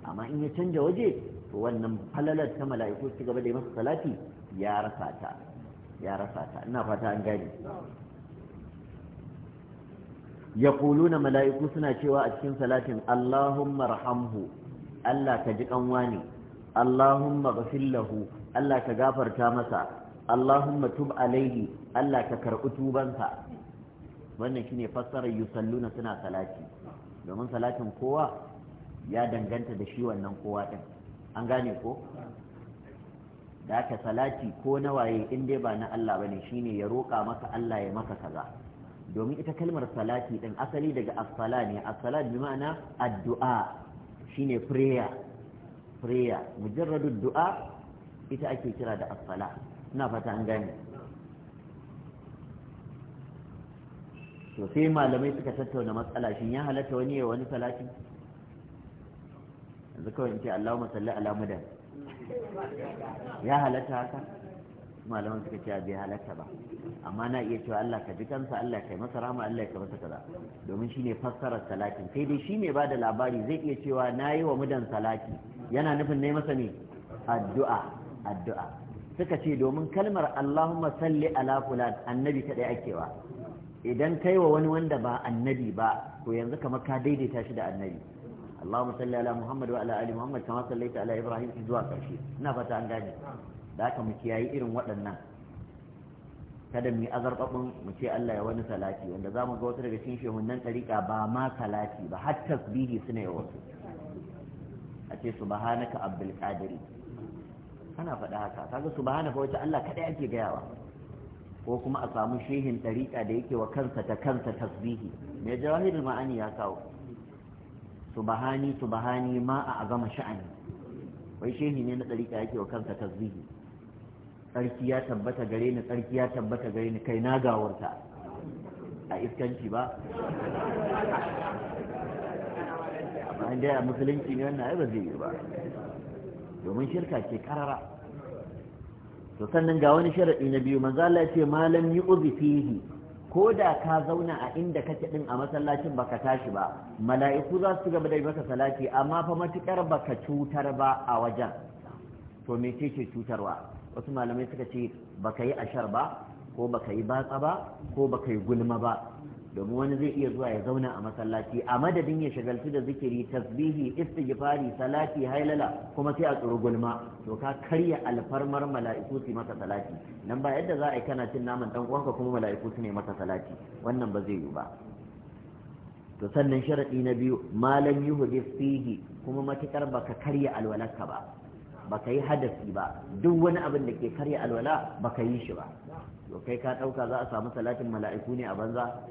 amma in ya canja waje to wannan falalar ta mala'iku su ci gaba da yi masa salati ya rasa ta ya rasa ta ina fata an gani yaquluna mala'iku suna cewa a cikin salatin Allahumma rahamhu Allah ka ji kanwani Allahumma ghfir lahu Allah ka gafarta masa Allahumma tub alaihi Allah ka karɓi tubansa wannan shi ne fassarar yusalluna suna salati domin salatin kowa ya danganta da shi wannan kowa ɗin an gane ko da ka salati ko na waye in dai ba na Allah bane ne ya roƙa maka Allah ya maka kaza domin ita kalmar salati din asali daga asala ne asala bi ma'ana addu'a shine prayer prayer mujarradu du'a ita ake kira da asala ina fata an gane to sai malamai suka tattauna matsala shin ya halatta wani ya wani salati yanzu kawai in ce Allahumma salli ala mudan ya halatta haka malaman suka ce bai halatta ba amma na iya cewa Allah ka ji kansa Allah ka yi masa rama Allah ka masa kaza domin shine fassarar salatin sai dai shi mai ba da labari zai iya cewa na yi wa mudan salati yana nufin na yi masa ne addu'a addu'a suka ce domin kalmar Allahumma salli ala fulan annabi kadai akewa idan kai wa wani wanda ba annabi ba to yanzu kamar ka daidaita shi da annabi Allahumma salli ala Muhammad wa ala ali Muhammad kama sallaita ala Ibrahim zuwa karshe ina fata an gane da aka mu kiyayi irin waɗannan kada mu yi azarɓaɓin mu ce Allah ya wani salati wanda za mu ga wasu daga cikin shehunan tariƙa ba ma salati ba har tasbihi suna yi wasu a ce subhanaka abdul qadiri ana faɗa haka kaga fa wata Allah kada yake gayawa ko kuma a samu shehin tariƙa da yake wa kansa ta kansa tasbihi me jawahirul ma'ani ya kawo subhani subhani ma a azama sha'ani wai shehi ne na tariƙa yake wa kansa tasbihi tsarki ya tabbata gare ni tsarki ya tabbata gare ni kai na gawarta a iskanci ba amma inda a musulunci ne wannan ai ba zai yi ba domin shirka ce karara to sannan ga wani sharadi na biyu manzo Allah ya ce malam yu'zi fihi ko da ka zauna a inda kake din a masallacin baka tashi ba mala'iku za su gaba da maka salati amma fa matukar baka cutar ba a wajen to mece ce cutarwa wasu malamai suka ce baka yi ashar ba ko ka yi batsa ba ko baka yi gulma ba domin wani zai iya zuwa ya zauna a masallaci a madadin ya shagaltu da zikiri tasbihi istighfari salati hailala kuma sai a tsoro gulma to ka karya alfarmar mala'iku su masa salati nan ba yadda za a yi kana cin naman dan uwanka kuma mala'iku su ne masa salati wannan ba zai yi ba to sannan sharadi na biyu malam yuhdis fihi kuma matakar baka karya alwalarka ba baka yi hadasi ba duk wani abin da ke karya alwala ba ka yi shi ba to kai ka ɗauka za a samu salatin mala'iku ne a banza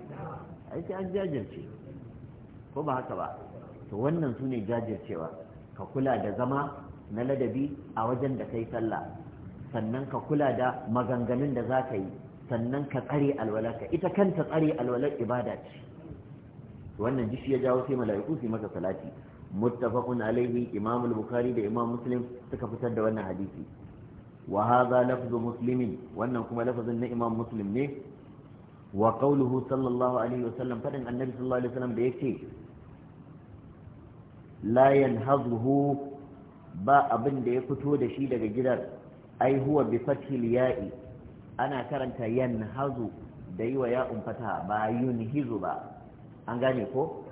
ai sai an jajirce ko ba haka ba to wannan su ne jajircewa ka kula da zama na ladabi a wajen da kai sallah sannan ka kula da maganganun da za ka yi sannan ka tsare alwalarka ita kanta tsare alwalar ibada ce wannan jishi ya jawo sai mala'iku su maka salati muttafaqun alaihi imam al-bukhari da imam muslim suka fitar da wannan hadisi Wahaza hadha lafzu wannan kuma lafazin na imam muslim ne wa qawluhu sallallahu alaihi annabi sallallahu alaihi wasallam da yake la yanhazuhu ba abin da ya fito da shi daga gidan ai huwa ya'i ana karanta yanhazu da yi wa Ba fataha ba hiru ba an gane ko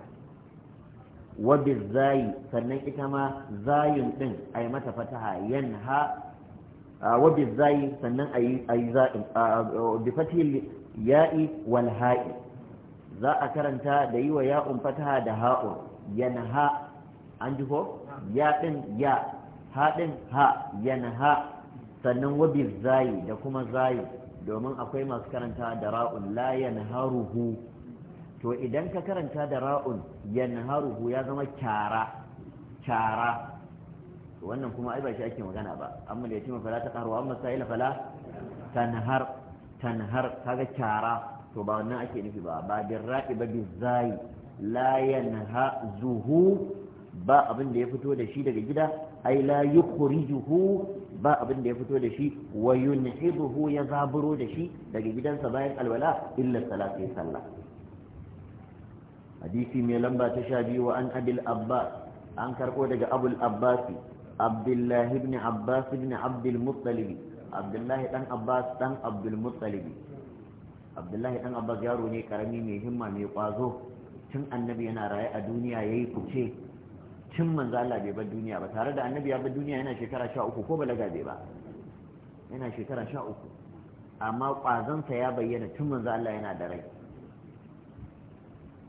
wa zayi sannan ita ma zayin din a yi mata fataha ha? wa zayi sannan a yi za'in bi ya'i wal ha'i za a karanta da yi wa ya'un fataha da ha'un ha? an ji ko ya din ya ha din ha yanha sannan wa zayi da kuma zayi domin akwai masu karanta da ra'un la yanharuhu to idan ka karanta da ra'un yanharuhu ya zama kyara kyara wannan kuma ai ba shi ake magana ba amma da yatima fala taqharu amma sa'ila fala tanhar tanhar kaga kyara to ba wannan ake nufi ba ba bin ra'i ba bin zai la yanhazuhu ba abin da ya fito da shi daga gida ai la yukhrijuhu ba abin da ya fito da shi wa yunhibuhu ya zaburo da shi daga gidansa bayan alwala illa salati sallah hadisi mai lamba ta sha biyu an abil abbas an karko daga abul abbasi abdullahi ibn abbas ibn abdul muttalib abdullahi dan abbas dan abdul muttalib abdullahi dan abbas yaro ne karami mai himma mai kwazo tun annabi yana raye a duniya yayi kuce tun manzo Allah bai bar duniya ba tare da annabi ya bar duniya yana shekara 13 ko balaga bai ba yana shekara 13 amma kwazon sa ya bayyana tun manzo Allah yana da rai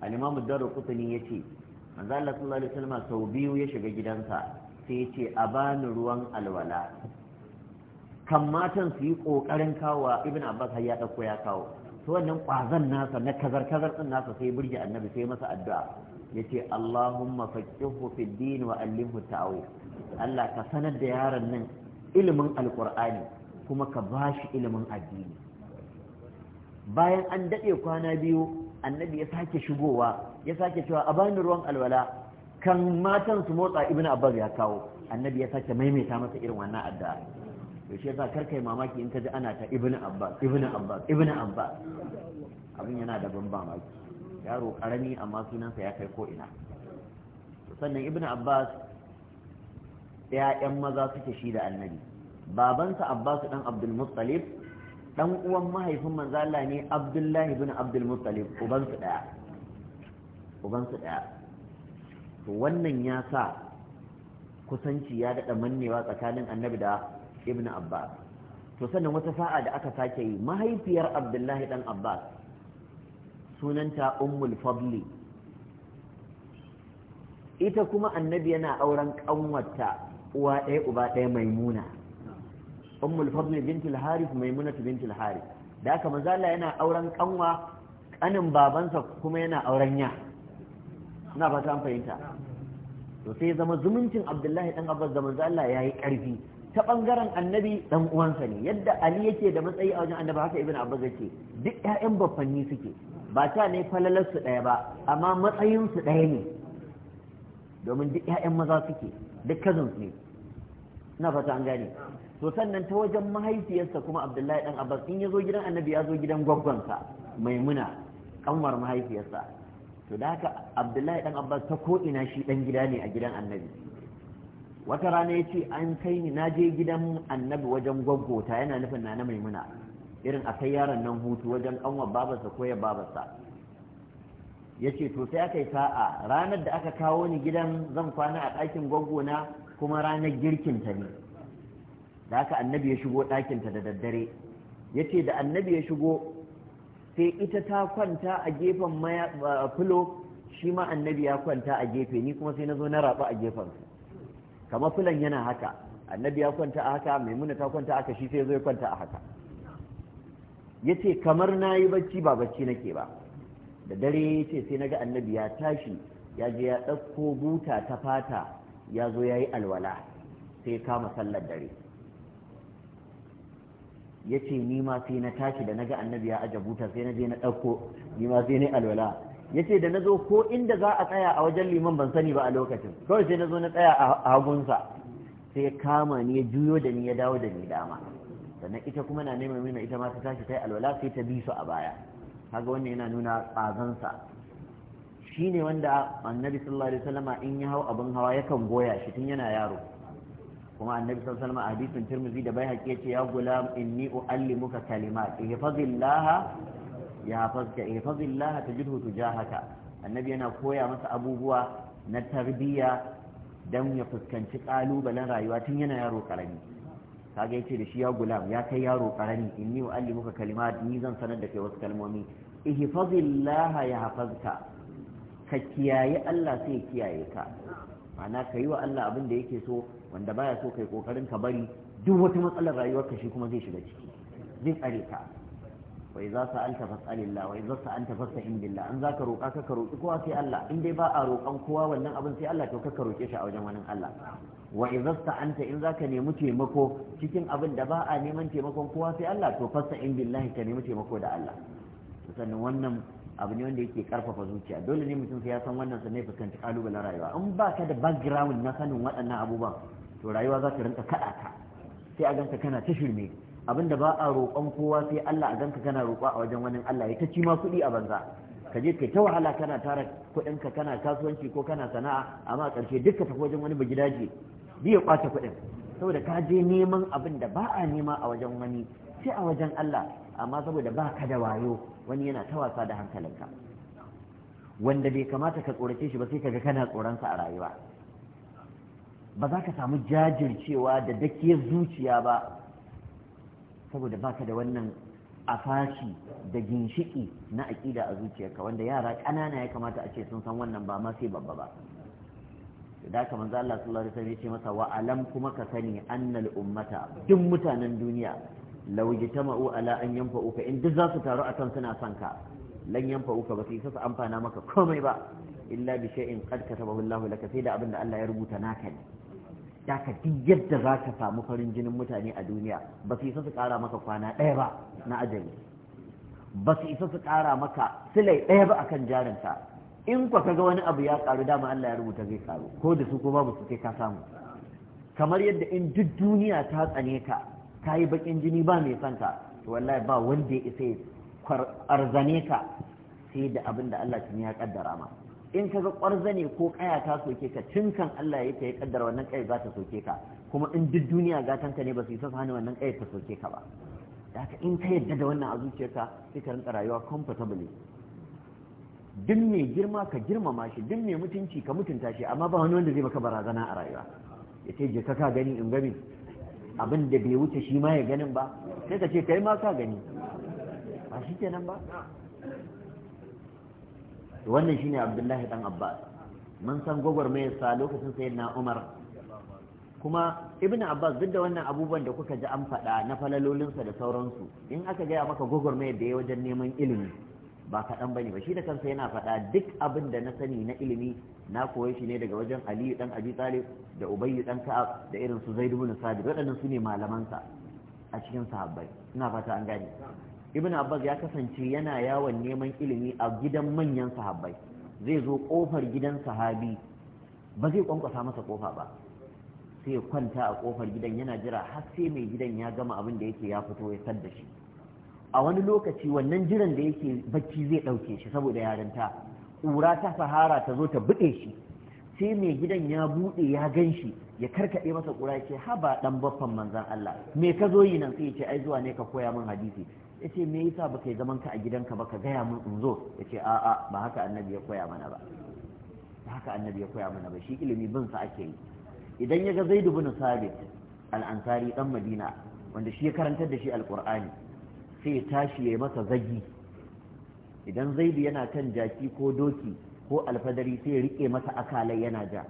al-imamu daru kutani ya ce manzo Allah sallallahu alaihi wasallam sau biyu ya shiga gidansa sai ya ce a bani ruwan alwala kan matan su yi kokarin kawo ibn abbas har ya dauko ya kawo to wannan kwazan nasa na kazar kazar din nasa sai burge annabi sai masa addu'a yace Allahumma faqihhu fid din wa allimhu ta'wil Allah ka sanar da yaron nan ilimin alqur'ani kuma ka bashi ilimin addini bayan an dade kwana biyu annabi ya sake shigowa ya sake cewa a bani ruwan alwala kan matan su motsa Ibn abbas ya kawo annabi ya sake maimaita masa irin wannan addu'a to shi yasa karkai mamaki in ka ji ana ta Ibn abbas Ibn abbas Ibn abbas abin yana da ban mamaki yaro karami amma sunansa ya kai ko ina sannan Ibn abbas ya'yan maza suke shi da annabi babansa Abbas dan abdul muttalib dan uwan mahaifin manzo Allah ne Abdullahi ibn Abdul Muttalib uban su daya uban su daya to wannan ya sa kusanci ya dada mannewa tsakanin Annabi da Ibn Abbas to sannan wata sa'a da aka sake yi mahaifiyar Abdullahi dan Abbas sunanta Ummul Fadli ita kuma Annabi yana auren kanwarta uwa ɗaya uba ɗaya maimuna ummul fadl bint al-harith maimunatu bint al da haka manzo Allah yana auren kanwa kanin babansa kuma yana auren ya ina ba ta fahimta to sai zama zumuncin Abdullahi dan Abbas da manzo Allah yayi karfi ta bangaren annabi dan uwansa ne yadda Ali yake da matsayi a wajen annabi haka ibn Abbas yake duk ƴaƴan baffanni suke ba ta ne falalar su ɗaya ba amma matsayin su ɗaya ne domin duk ƴaƴan maza suke duk cousins ne na fata an gane to sannan ta wajen mahaifiyarsa kuma abdullahi dan abbas in ya zo gidan annabi ya zo gidan gwaggwansa maimuna kanwar mahaifiyarsa to da haka abdullahi dan abbas ta ko ina shi dan gida ne a gidan annabi wata rana ya ce an kai ni na je gidan annabi wajen gwaggota yana nufin na na maimuna irin a kai yaron nan hutu wajen kanwar babarsa ko ya babarsa ya ce to sai aka yi sa'a ranar da aka kawo ni gidan zan kwana a ɗakin gwaggona kuma ranar girkin ta ne da haka annabi ya shigo ɗakinta da daddare ya ce da annabi ya shigo sai ita ta kwanta a gefen filo shi ma annabi ya kwanta a gefe ni kuma sai na zo na rabu a gefen su. kamar filon yana haka annabi ya kwanta a haka maimuna ta kwanta a haka shi sai zo ya kwanta a haka ya ce kamar na yi bacci ba bacci nake ba da dare ya ce sai na ga annabi ya tashi ya je ya ɗauko buta ta fata ya zo ya yi alwala sai kama sallar dare ya ce ni ma sai na tashi da naga annabi ya aje buta sai na je na ɗauko ni ma sai na alwala ya ce da na zo ko inda za a tsaya a wajen liman ban sani ba a lokacin kawai sai na zo na tsaya a hagunsa sai kama ni ya juyo da ni ya dawo da ni dama sannan ita kuma na neman mina ita ma ta tashi ta yi alwala sai ta bi su a baya Haga wannan yana nuna tsazansa Shi ne wanda annabi sallallahu alaihi wasallama in ya hau abin hawa yakan goya shi tun yana yaro kuma annabi sallallahu alaihi wasallama hadisin tirmidhi da bai haƙi ce ya gulam inni uallimuka kalimat ihfazillaha ya hafazka ihfazillaha tajidhu tujahaka annabi yana koya masa abubuwa na tarbiyya dan ya fuskanci kalubalen rayuwa tun yana yaro karami kaga yace da shi ya gulam ya kai yaro karami inni uallimuka kalimat ni zan sanar da kai wasu kalmomi ihfazillaha ya hafazka ka kiyaye Allah sai kiyaye ka ma'ana ka yi wa Allah abin da yake so wanda baya so kai kokarin ka bari duk wata matsalar rayuwar ka shi kuma zai shiga ciki zai tsare ka wa idza sa'alta fas'alillah wa idza sa'alta fasta'in billah an zaka roka ka ka roki kowa sai Allah in dai ba a roƙan kowa wannan abin sai Allah to ka ka roke shi a wajen wani Allah wa idza sa'anta in zaka nemi taimako cikin abin da ba a neman taimakon kowa sai Allah to fasta'in billahi ka nemi taimako da Allah sannan wannan abu ne wanda yake karfafa zuciya dole ne mutum sai ya san wannan sanai fuskanci kalubalen rayuwa in ba ka da background na sanin waɗannan abubuwan to rayuwa za ta rinka kaɗa ka sai a ganka kana ta shirme abinda ba a roƙon kowa sai Allah a ganka kana roƙo a wajen wani Allah ya ta ci ma kuɗi a banza ka je kai ta wahala kana tara kuɗin ka kana kasuwanci ko kana sana'a amma a ƙarshe duk ka tafi wajen wani bi ya kwace kuɗin saboda ka je neman abin da ba a nema a wajen wani sai a wajen Allah amma saboda ba ka da wayo wani yana ta wasa da hankalinka wanda bai kamata ka tsorace shi ba sai ka ga kana tsoronsa a rayuwa ba za ka samu jajircewa da dakiyar zuciya ba saboda ba ka da wannan afashi da ginshiki na aƙida a zuciyarka wanda yara ƙanana ya kamata a ce sun san wannan ba ma sai babba ba da ka manzo Allah sallallahu alaihi wasallam ya ce masa wa alam kuma ka sani annal ummata duk mutanen duniya law jitama'u ala an yanfa'uka in duk za su taru akan suna son ka lan yanfa'uka ba isa su amfana maka komai ba illa bi shay'in qad katabahu Allahu laka sai da abin da Allah ya rubuta naka ne ka duk yadda za ka samu farin jinin mutane a duniya ba su isa su kara maka kwana ɗaya ba na ajali ba su isa su kara maka silai ɗaya ba akan jarinka in kwa kaga wani abu ya karu dama Allah ya rubuta zai karu ko da su ko babu su ka samu kamar yadda in duk duniya ta tsane ka ta yi bakin jini ba mai santa to wallahi ba wanda ya isa ya kwarzane ka sai da abin da Allah tuni ya kaddara ma in ka ga kwarzane ko kaya ta soke ka cinkan Allah ya ta ya kaddara wannan kai za ta soke ka kuma in duk duniya gatan ka ne ba su yi sa hana wannan kai ta soke ka ba haka in ka yadda da wannan a zuciyarka sai ka rinka rayuwa comfortably duk mai girma ka girmama shi duk mai mutunci ka mutunta shi amma ba wani wanda zai maka barazana a rayuwa ya ce je ka gani in gabi abin da bai wuce shi ma ya ganin ba sai ka ce kai ma ka gani ba shi ke nan ba wannan shine abdullahi dan abbas mun san sa lokacin na umar kuma ibn abbas duk da wannan abubuwan da kuka ji an faɗa na falalolinsa da sauransu in aka gaya maka gwagwarmayar da ya wajen neman ilimi ba kaɗan bane ba shi da kansa yana faɗa duk abin da na sani na ilimi na koyi shi ne daga wajen aliyu dan abi talib da ubayyu dan ka'ab da irin su zaid bin sabit waɗannan su ne malamansa a cikin sahabbai ina fata an gane ibn abbas ya kasance yana yawon neman ilimi a gidan manyan sahabbai zai zo kofar gidan sahabi ba zai kwankwasa masa kofa ba sai ya kwanta a kofar gidan yana jira har sai mai gidan ya gama abin da yake ya fito ya sadda shi a wani lokaci wannan jiran da yake bacci zai ɗauke shi saboda yarinta ƙura ta sahara ta zo ta buɗe shi sai mai gidan ya buɗe ya gan shi ya karkaɗe masa ƙura ce haba ɗan baffan manzan Allah me ka zo yi nan sai ce ai zuwa ne ka koya min hadisi ya ce me yasa bakai kai zaman ka a gidanka ba ka gaya min in zo ya ce a'a ba haka annabi ya koya mana ba ba haka annabi ya koya mana ba shi ilimi bin sa ake yi idan ya ga zaidu bin sabit al-ansari dan madina wanda shi ya karantar da shi alqur'ani sai tashi ya masa zagi idan zaidu yana kan jaki ko doki ko alfadari sai rike masa akalai yana ja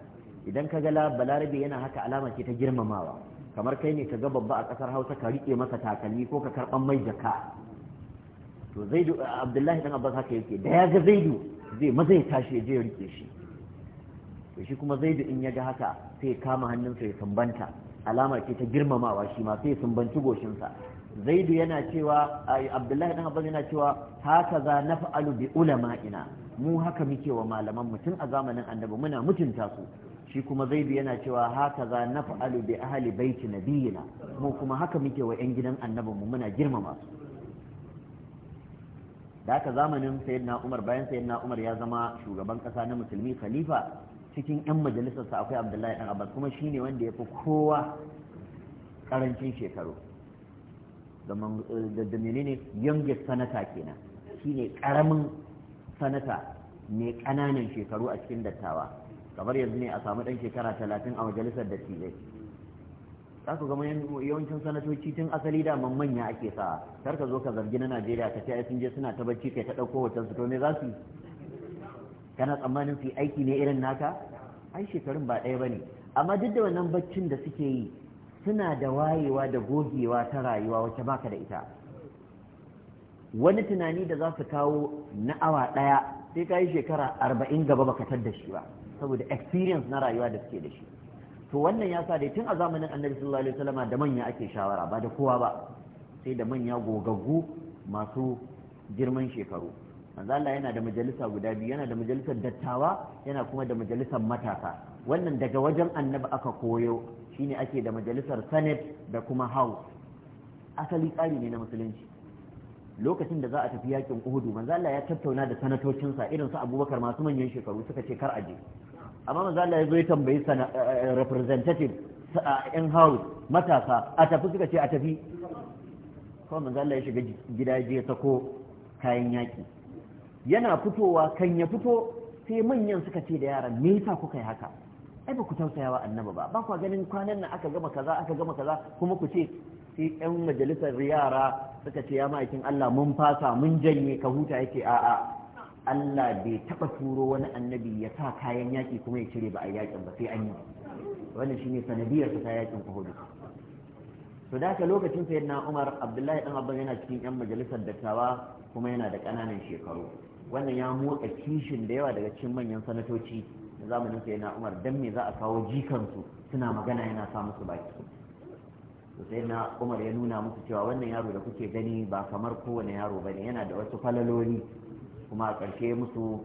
idan ka gala balarabe yana haka alama ce ta girmamawa kamar kai ne ka ga babba a kasar hausa ka rike masa takalmi ko ka karɓan mai jaka to zaidu abdullahi dan abbas haka yake da ya ga zaidu zai maza ya tashi ya je ya rike shi to shi kuma zaidu in ya ga haka sai ya kama hannunsa ya sumbanta alamar ce ta girmamawa shi ma sai ya sumbanci goshinsa zaidu yana cewa abdullahi dan abbas yana cewa haka za naf'alu bi ulama'ina mu haka muke wa malaman mu tun a zamanin annabi muna mutunta su shi kuma zaidu yana cewa haka za naf'alu bi ahli baiti nabiyina mu kuma haka muke wa yan gidan annabin mu muna girmama su da haka zamanin sayyidina umar bayan sayyidina umar ya zama shugaban kasa na musulmi khalifa cikin yan majalisarsa akwai abdullahi dan abbas kuma shine wanda ya fi kowa karancin shekaru Eh, da menene youngest sanata kenan shine karamin sanata mai ƙananan shekaru a cikin dattawa kamar yanzu ne a samu dan shekara talatin a majalisar dattijai za ku gama yawancin sanatoci tun asali daman manya ake sa kar ka zo ka zargi na najeriya ka ce ai sun je suna ta bacci kai ta ɗauko hoton su to me za su kana tsammanin su yi aiki ne irin naka ai shekarun ba ɗaya ba ne amma duk da wannan baccin da suke yi suna da wayewa da gogewa ta rayuwa wacce baka da ita wani tunani da za su kawo na awa ɗaya sai ka yi shekara arba'in gaba baka tar da shi ba saboda experience na rayuwa da suke da shi to wannan ya sa dai tun a zamanin annabi sallallahu alaihi wasallama da manya ake shawara ba da kowa ba sai da manya gogaggu masu girman shekaru manzo Allah yana da majalisa guda biyu yana da majalisar dattawa yana kuma da majalisar matasa wannan daga wajen annabi aka koyo shine ake da majalisar senate da kuma house asali tsari ne na musulunci lokacin da za a tafi yakin uhudu manzo Allah ya tattauna da sanatocinsa irin su abubakar masu manyan shekaru suka ce kar a je amma manzo Allah ya zo ya tambayi eh, eh, representative eh, in house matasa a tafi suka ce a tafi kuma manzo Allah ya shiga gida ya sako kayan yaki yana fitowa kan ya fito sai manyan suka ce da yaran me yasa kuka yi haka ai ba ku tausaya wa annabi ba ba kwa ganin kwanan nan aka gama kaza aka gama kaza kuma ku ce sai yan majalisar yara suka ce ya ma'aikin Allah mun fasa mun janye ka huta yake a'a Allah bai taba turo wani annabi ya sa kayan yaki kuma ya cire ba a yakin ba sai an yi wannan shine sanadiyar ta yakin Uhud to da haka lokacin na Umar Abdullahi dan Abban yana cikin yan majalisar dattawa kuma yana da ƙananan shekaru wannan ya motsa kishin da yawa daga cikin manyan sanatoci da zamanin sai na umar dan me za a kawo jikansu suna magana yana sa musu baki to sai na umar ya nuna musu cewa wannan yaro da kuke gani ba kamar kowane yaro ne yana da wasu falaloli kuma a ƙarshe musu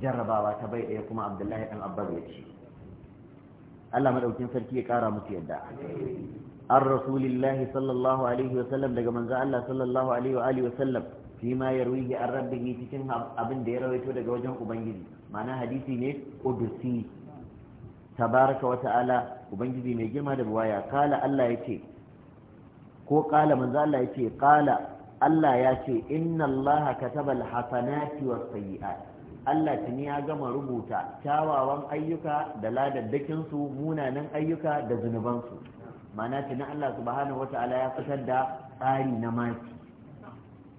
jarrabawa ta bai ɗaya kuma abdullahi ɗan abbas ya ce allah maɗaukin sarki ya ƙara musu yadda an rasulillahi sallallahu alaihi wa sallam daga manzo allah sallallahu alaihi wa sallam fi ma yarwihi an rabbihi cikin abin da ya rawaito daga wajen ubangiji ma'ana hadisi ne kudusi tabaraka wa ta'ala ubangiji mai girma da buwaya kala Allah yace ko kala manzo Allah yace kala Allah ya ce inna Allah kataba hasanati was-sayyi'at Allah tuni ya gama rubuta kyawawan ayyuka da ladaddakin su munanan ayyuka da zunuban su ma'ana tuni Allah subhanahu wata'ala ya fitar da tsari na maki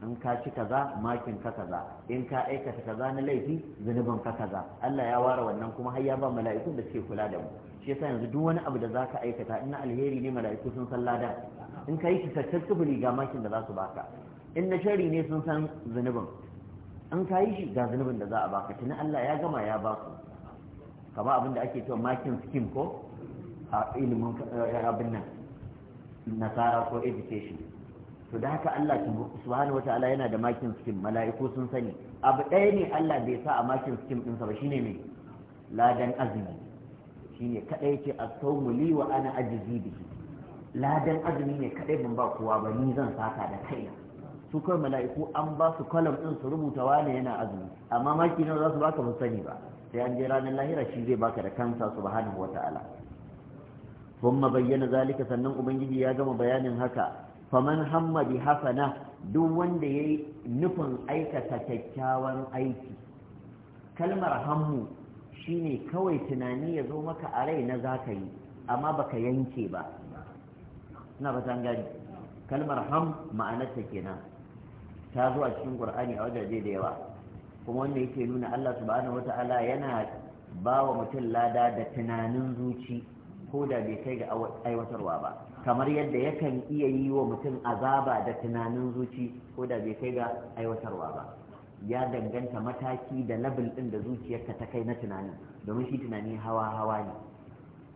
in ka ci kaza makin ka kaza in ka aikata kaza na laifi zunubin ka kaza Allah ya ware wannan kuma har ya ba mala'iku da suke kula da mu shi yasa yanzu duk wani abu da zaka aikata in alheri ne mala'iku sun san lada in ka yi kitaccen kuburi ga makin da za su baka in na shari ne sun san zunubin in ka yi shi ga zunubin da za a baka tuni Allah ya gama ya ba su kama abin da ake cewa makin skim ko a ilimin eh, abin nan nasara ko education to da haka Allah subhanahu wataala yana da makin skin mala'iku sun sani abu ɗaya ne Allah bai sa a makin skin ɗinsa ba shine mai ladan azumi shine kadai ce as-sawmu li wa ana ajzi bihi ladan azumi ne kadai ban ba kowa ba ni zan saka da kaina su kai mala'iku an ba su kalam din su rubuta wane yana azumi amma maki nan za su baka mun sani ba sai an je ranar lahira shi zai baka da kansa subhanahu wata'ala thumma bayyana zalika sannan ubangiji ya gama bayanin haka faman hamma bi hasana duk wanda ya yi nufin aikata kyakkyawan aiki kalmar hammu shine kawai tunani ya zo maka a rai na za ka yi amma baka yanke ba na ba gani kalmar ham ma'anarta kenan ta zo a cikin qur'ani a wajaje da yawa kuma wanda yake nuna Allah subhanahu wata'ala yana ba wa mutum lada da tunanin zuci ko da bai kai ga aiwatarwa ba kamar yadda yakan iya yi wa mutum azaba da tunanin zuci ko da bai kai ga aiwatarwa ba ya danganta mataki da labin ɗin da zuciyarka ta kai na tunanin domin shi tunani hawa hawa ne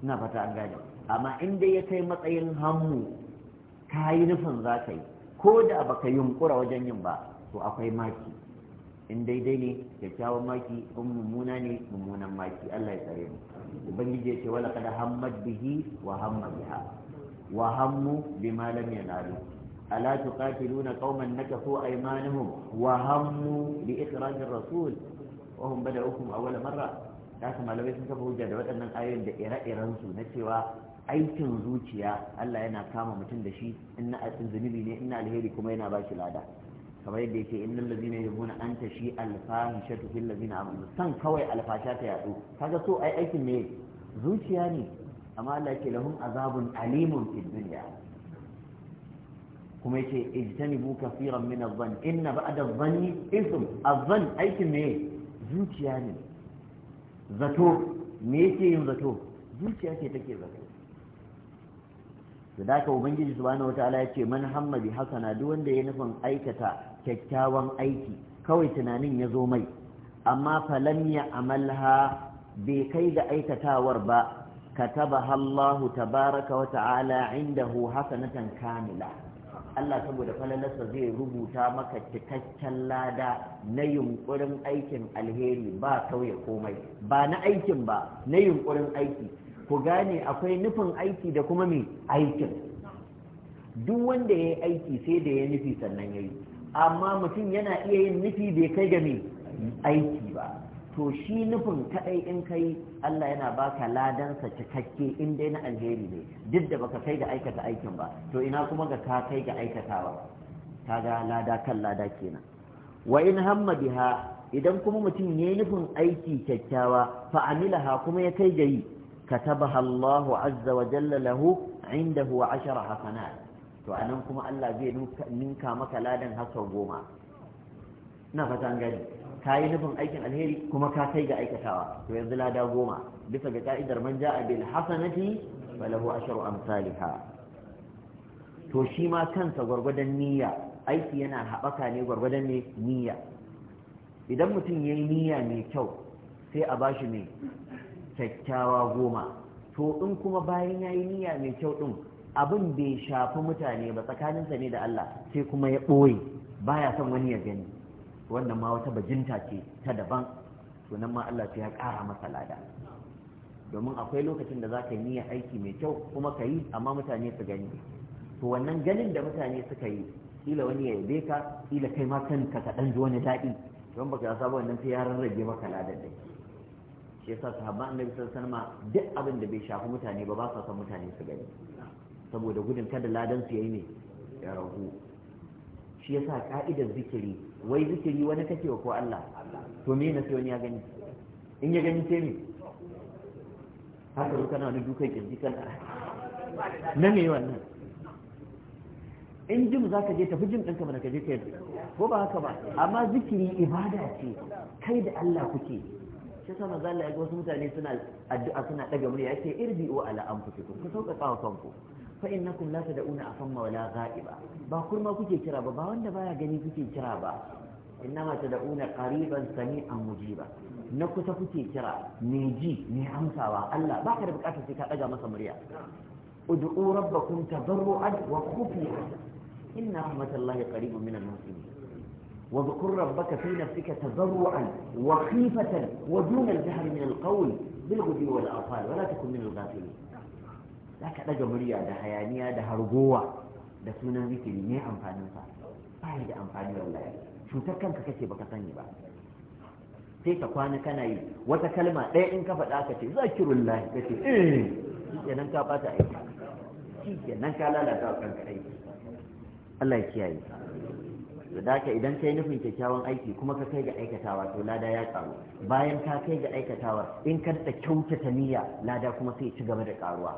ina fata an gane amma in dai ya kai matsayin hannu ka yi nufin za ka yi ko da baka yunkura wajen yin ba to akwai maki in daidai ne kyakkyawan maki in mummuna ne mummunan maki Allah ya tsare mu ubangiji yake wala kada hammad bihi wa hamma biha wa hammu bima lam yanalu ala tuqatiluna qauman nakafu aymanuhum wa hammu bi ikhraj ar-rasul wa hum bada'ukum awwala marra da kuma malamai sun kafa hujja da waɗannan ayoyin da ire-iren su na cewa aikin zuciya Allah yana kama mutum da shi in na ne in na alheri kuma yana ba shi lada kamar yadda yake innal ladina yabuna an tashi alfahishatu fil ladina amanu san kawai alfasha ta yadu kaga so ai aikin ne zuciya ne amma Allah yake lahum azabun alimun fid dunya kuma yake ijtanibu kaseeran min adh-dhann inna ba'da adh-dhanni ithm adh-dhann aikin ne zuciya ne zato me yake yin zato zuciya ce take zato da haka ubangiji subhanahu wataala ya ce man hamma bi hasana duk wanda ya nufin aikata kyakkyawan aiki kawai tunanin ya zo mai amma falam ya amalha bai kai da aikatawar ba kataba Allah tabaraka wa ta'ala indahu hasanatan kamila Allah saboda falalarsa zai rubuta maka cikakken lada na yunkurin aikin alheri ba kauye komai ba na aikin ba na yunkurin aiki ku gane akwai nufin aiki da kuma mai aikin duk wanda ya yi aiki sai da ya nufi sannan ya yi amma mutum yana iya yin nufi bai kai ga mai aiki ba to shi nufin kadai in kai Allah yana baka ladansa cikakke in dai na alheri ne duk da baka kai ga aikata aikin ba to ina kuma ga ka kai ga aikatawa ga lada kan lada kenan wa in hamma biha idan kuma mutum ne nufin aiki kyakkyawa fa'amilaha kuma ya kai ga yi katabaha Allahu azza wa jalla lahu indahu ashara hasanat to a nan kuma Allah zai ninka maka ladan har sau goma na fatan gani ka yi nufin aikin alheri kuma ka kai ga aikatawa to yanzu lada goma bisa ga ka'idar manja a bil hasanati falahu asharu amsalha to shi ma kansa gwargwadon niyya aiki yana haɓaka ne gwargwadon ne niyya idan mutum ya yi niyya mai kyau sai a ba shi mai kyakkyawa goma to in kuma bayan ya yi niyya mai kyau ɗin abin bai shafi mutane ba tsakaninsa ne da Allah sai kuma ya ɓoye baya son wani ya gani wannan ma wata bajinta ce ta daban sunan ma Allah sai ya ƙara masa lada domin akwai lokacin da za ka yi niyyar aiki mai kyau kuma ka yi amma mutane su gani to wannan ganin da mutane suka yi kila wani ya yabe ka kila kai ma kanka ka ɗan ji wani daɗi don baka saba wannan sai ya rarrage maka ladan dai shi yasa sahabban annabi sallallahu alaihi wasallam duk abin da bai shafi mutane ba ba sa son mutane su gani saboda gudun kada ladan su yayi ne ya ragu shi yasa ka'idar zikiri wai zikiri wani kake wa ko Allah to me na sai wani ya gani in ya gani sai me haka kana wani dukan kirji kana na me wannan in jim za ka je tafi jim ɗinka mana ka je ka yi ko ba haka ba amma zikiri ibada ce kai da Allah kuke shi sama zalla ya ga wasu mutane suna addu'a suna ɗaga murya yake irbi wa ala anfusikum ku sauƙaƙa wa kanku fa innakum la tad'una afamma wala ghaiba ba kurma kuke kira ba ba wanda baya gani kuke kira ba innama tad'una qariban sami'an mujiba na kusa kuke kira ne ji ne amsawa Allah baka da bukatar sai ka daga masa murya ud'u rabbakum tadarruan wa khufiya inna rahmatallahi qaribun minal muhsinin واذكر ربك في نفسك تضرعا وخيفة ودون الجهر من القول بالغدو والأطفال ولا تكن من الغافلين za ka ɗaga murya da hayaniya da hargowa da sunan zikiri ne sa. ba da amfani wallahi cutar kanka kake baka sani ba sai ka kwana kana yi wata kalma ɗaya in ka faɗa ka ce zakirullah ka ce eh kenan ka fata aiki kenan ka lalata kanka aiki Allah ya kiyaye da haka idan kai nufin kyakkyawan aiki kuma ka kai ga aikatawa to lada ya karu bayan ka kai ga aikatawa in ka da kyautata niyya lada kuma sai ci gaba da karuwa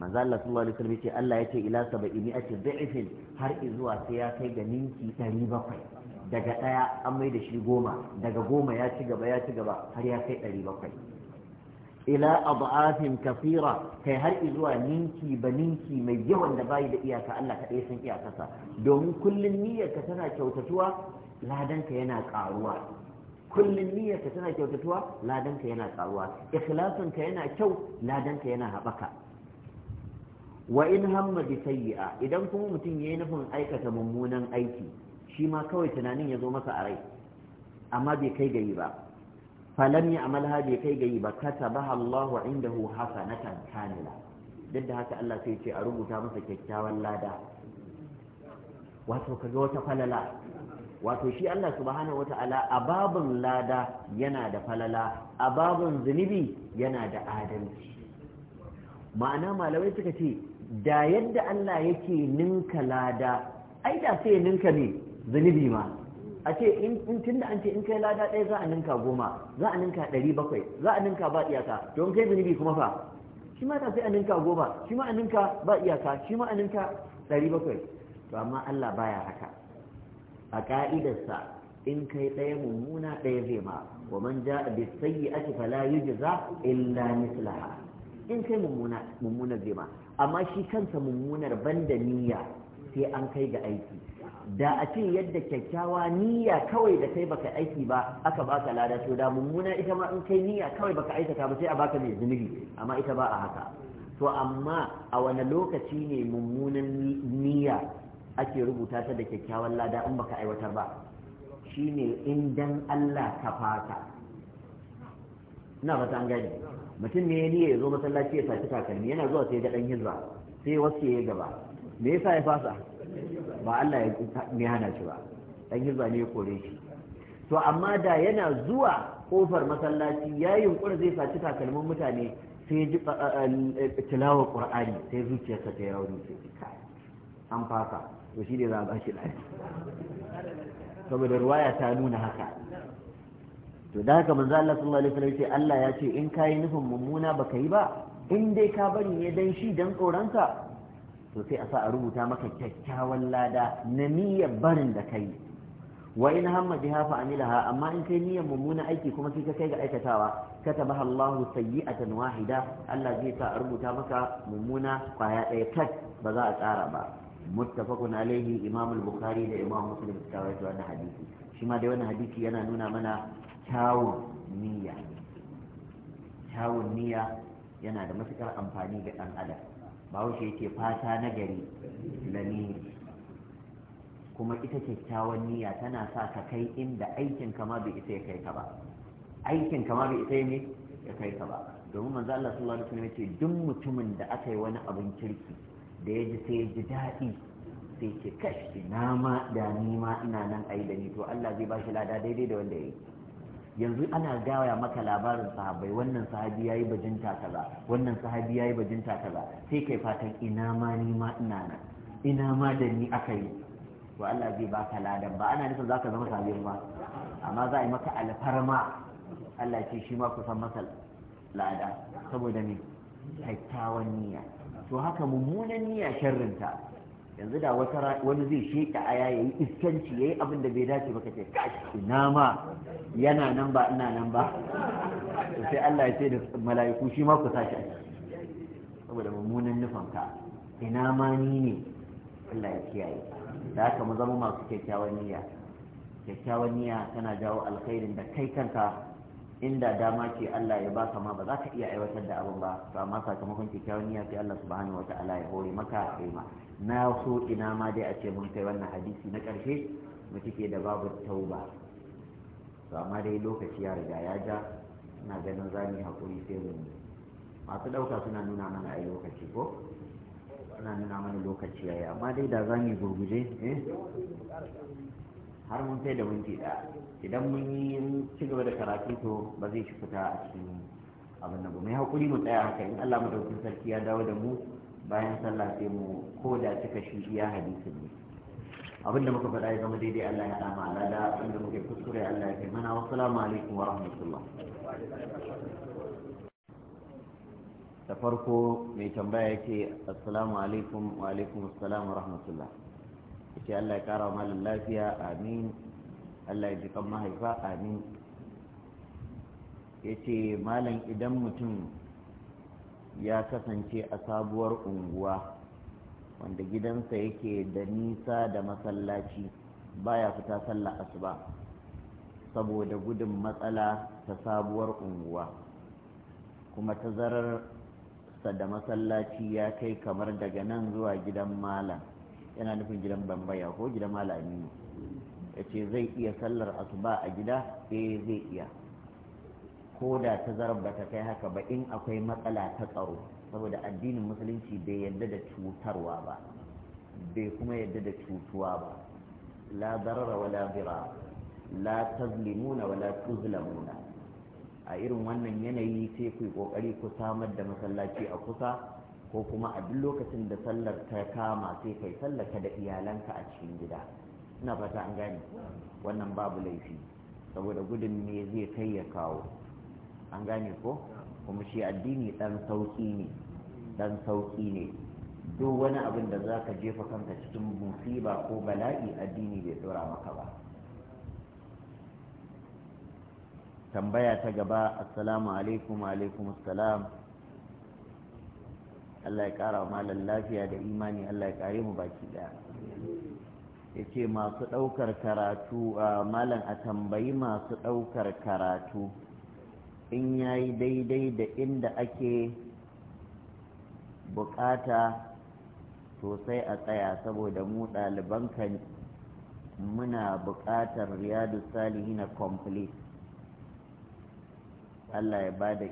manzo Allah sallallahu alaihi wasallam ce Allah yace ila ni ake da'ifin har zuwa sai ya kai ga ninki 700 daga daya an mai da shi goma daga goma ya ci gaba ya ci gaba har ya kai 700 ila adafin kafira kai har izuwa ninki ba ninki mai yawan da bayi da iyaka Allah kaɗai san iyakasa, domin kullum niyyarka tana kyautatuwa ladanka yana ƙaruwa kullum niyyarka tana kyautatuwa ladanka yana ƙaruwa ikhlasinka yana kyau ladanka yana haɓaka wa in hamma bi idan kuma mutum yayi nufin aikata mummunan aiki shi ma kawai tunanin ya zo masa a rai amma bai kai da yi ba falam ya amalha bai kai ga yi ba katabaha inda indahu hasanatan kamila duk da haka Allah sai ce a rubuta masa kyakkyawan lada wato kaga wata falala wato shi Allah subhanahu wata'ala a babun lada yana da falala a babun zunubi yana da adalci ma'ana malamai suka ce da yadda Allah yake ninka lada ai da sai ninka ne zunubi ma a ce in tun da an ce in kai lada ɗaya za a ninka goma za a ninka ɗari bakwai za a ninka ba iyaka to in kai zunubi kuma fa shi ma ta sai a ninka goma shi ma a ninka ba iyaka shi ma a ninka ɗari bakwai to amma Allah baya haka a ka'idarsa in kai ɗaya mummuna ɗaya zai ma wa man ja'a bi sayyi'ati fala yujza illa mislaha in kai mummuna mummunar zai ma amma shi kansa mummunar banda niyya sai an kai ga aiki da a ce yadda kyakkyawa niyya kawai da kai baka aiki ba aka baka lada to da mummuna ita ma in kai niyya kawai baka aikata ba sai a baka mai zunubi amma ita ba a haka to amma a wani lokaci ne mummunan niyya ake rubuta ta da kyakkyawan lada in baka aiwatar ba shine in dan Allah ka fata ina ba an gani. mutum ne ya niyya ya zo masallaci ya saci takalmi yana zuwa sai ga dan hijira sai wasu ya gaba me yasa ya fasa ba Allah ya ne hana shi ba dan hizba ne ya kore shi to amma da yana zuwa kofar masallaci ya yunkura zai saci takalmin mutane sai ji eh, eh, eh, tilawa qur'ani sai zuciyarsa ta yi rauni sai an fasa to shi ne za a ba shi lafiya saboda ruwaya ta nuna haka to da haka manzo Allah sallallahu alaihi wasallam ce Allah ya ce in kai nufin mummuna baka yi ba in dai ka bari ne dan shi dan tsoronka to sai a sa a rubuta maka kyakkyawan lada na niyyar barin da kai wa in hamma biha fa amilaha amma in kai niyyar mummuna aiki kuma sai ka kai ga aikatawa a Allahu sayyi'atan wahida Allah zai sa a rubuta maka mummuna kwaya ɗaya kat ba za a tsara ba muttafaqun alaihi Imam al-Bukhari da Imam Muslim suka rawaito wannan hadisi shi ma dai wannan hadisi yana nuna mana kyawun niyya kyawun niyya yana da matukar amfani ga ɗan adam bahaushe yake fata na gari lamiri kuma ita kyakkyawan niyya tana sa ka kai inda aikin kama bai isa ya kai ka ba aikin kama bai isa ne ya kai ka ba domin manzo Allah sallallahu alaihi wasallam ce duk mutumin da aka yi wani abin kirki da ya ji sai ya ji daɗi sai ce kashi na ma da ni ma ina nan ai da ni to Allah zai ba shi lada daidai da wanda ya yi yanzu ana gaya maka labarin sahabbai wannan sahabi yayi bajinta kaza wannan sahabi yayi bajinta kaza sai kai fatan ina ma ni ma ina nan ina ma da ni aka yi to Allah zai baka ladan ba ana nufin zaka zama sahabin ba amma za a yi maka alfarma Allah ce shi ma kusan masa lada saboda me kyakkyawan niyya to haka mummunan niyya sharrinta yanzu da wata wani zai sheka aya yi iskanci yayi abin da bai dace ba kace kashi ina ma yana nan ba ina nan ba sai Allah ya ce da mala'iku shi ma ku sashi saboda mummunan nufanka ina ma ni ne Allah ya kiyaye da haka mu zama masu kyakkyawan niyya kyakkyawan niyya tana jawo alkhairin da kai kanka inda dama ce Allah ya baka ma ba za ka iya aiwatar da abin ba to amma sakamakon kyakkyawan niyya sai Allah subhanahu wataala ya hore maka aima na so ina ma dai a ce mun kai wannan hadisi na karshe mu cike da babu tauba to amma dai lokaci ya riga ya ja ina ganin za mu hakuri sai mu masu ɗauka suna nuna mana a lokaci ko suna nuna mana lokaci yayi amma dai da za mu gurguje eh har mun kai da minti ɗaya idan mun yi ci gaba da karatu to ba zai shi fita a cikin abin nan ba mai haƙuri mu tsaya haka in Allah madaukakin sarki ya dawo da mu bayan sallah sai mu ko da cika shi iya hadisi ne abin da muka faɗa ya zama daidai Allah ya dama alada abin da muka kuskure Allah ya kai mana wassalamu alaikum wa rahmatullah da farko mai tambaya yake assalamu alaikum wa alaikum assalam wa rahmatullah yace Allah ya kara malam lafiya amin Allah ya ji kan mahaifa amin yace malam idan mutum ya kasance a sabuwar unguwa wanda gidansa yake da nisa da masallaci baya fita sallah asuba saboda gudun matsala ta sabuwar unguwa kuma sa da masallaci ya kai kamar daga nan zuwa gidan malam yana nufin gidan bambaya ko gidan malami ya ce zai iya sallar asuba a gida eh zai iya ko da ta ba ta kai haka ba in akwai matsala ta tsaro saboda addinin musulunci bai yarda da cutarwa ba bai kuma yarda da cutuwa ba la darara wala bira la tazlimuna wala tuzlamuna a irin wannan yanayi sai ku yi kokari ku samar da masallaci a kusa ko kuma a duk lokacin da sallar ta kama sai kai sallar ka da iyalanka a cikin gida ina fata an gane wannan babu laifi saboda gudun ne zai kai ya kawo an gane ko kuma shi addini dan sauki ne dan sauki ne duk wani abin da zaka jefa kanka cikin musiba ko bala'i addini bai dora maka ba tambaya ta gaba assalamu alaikum alaikum assalam Allah ya ƙara wa malar lafiya da imani Allah ya ƙare mu baki ɗaya ya ce masu ɗaukar karatu malam a tambayi masu ɗaukar karatu in ya yi daidai da inda ake bukata sosai a tsaya saboda mu ɗaliban kan muna buƙatar riyadu salihi na complete Allah ya ba da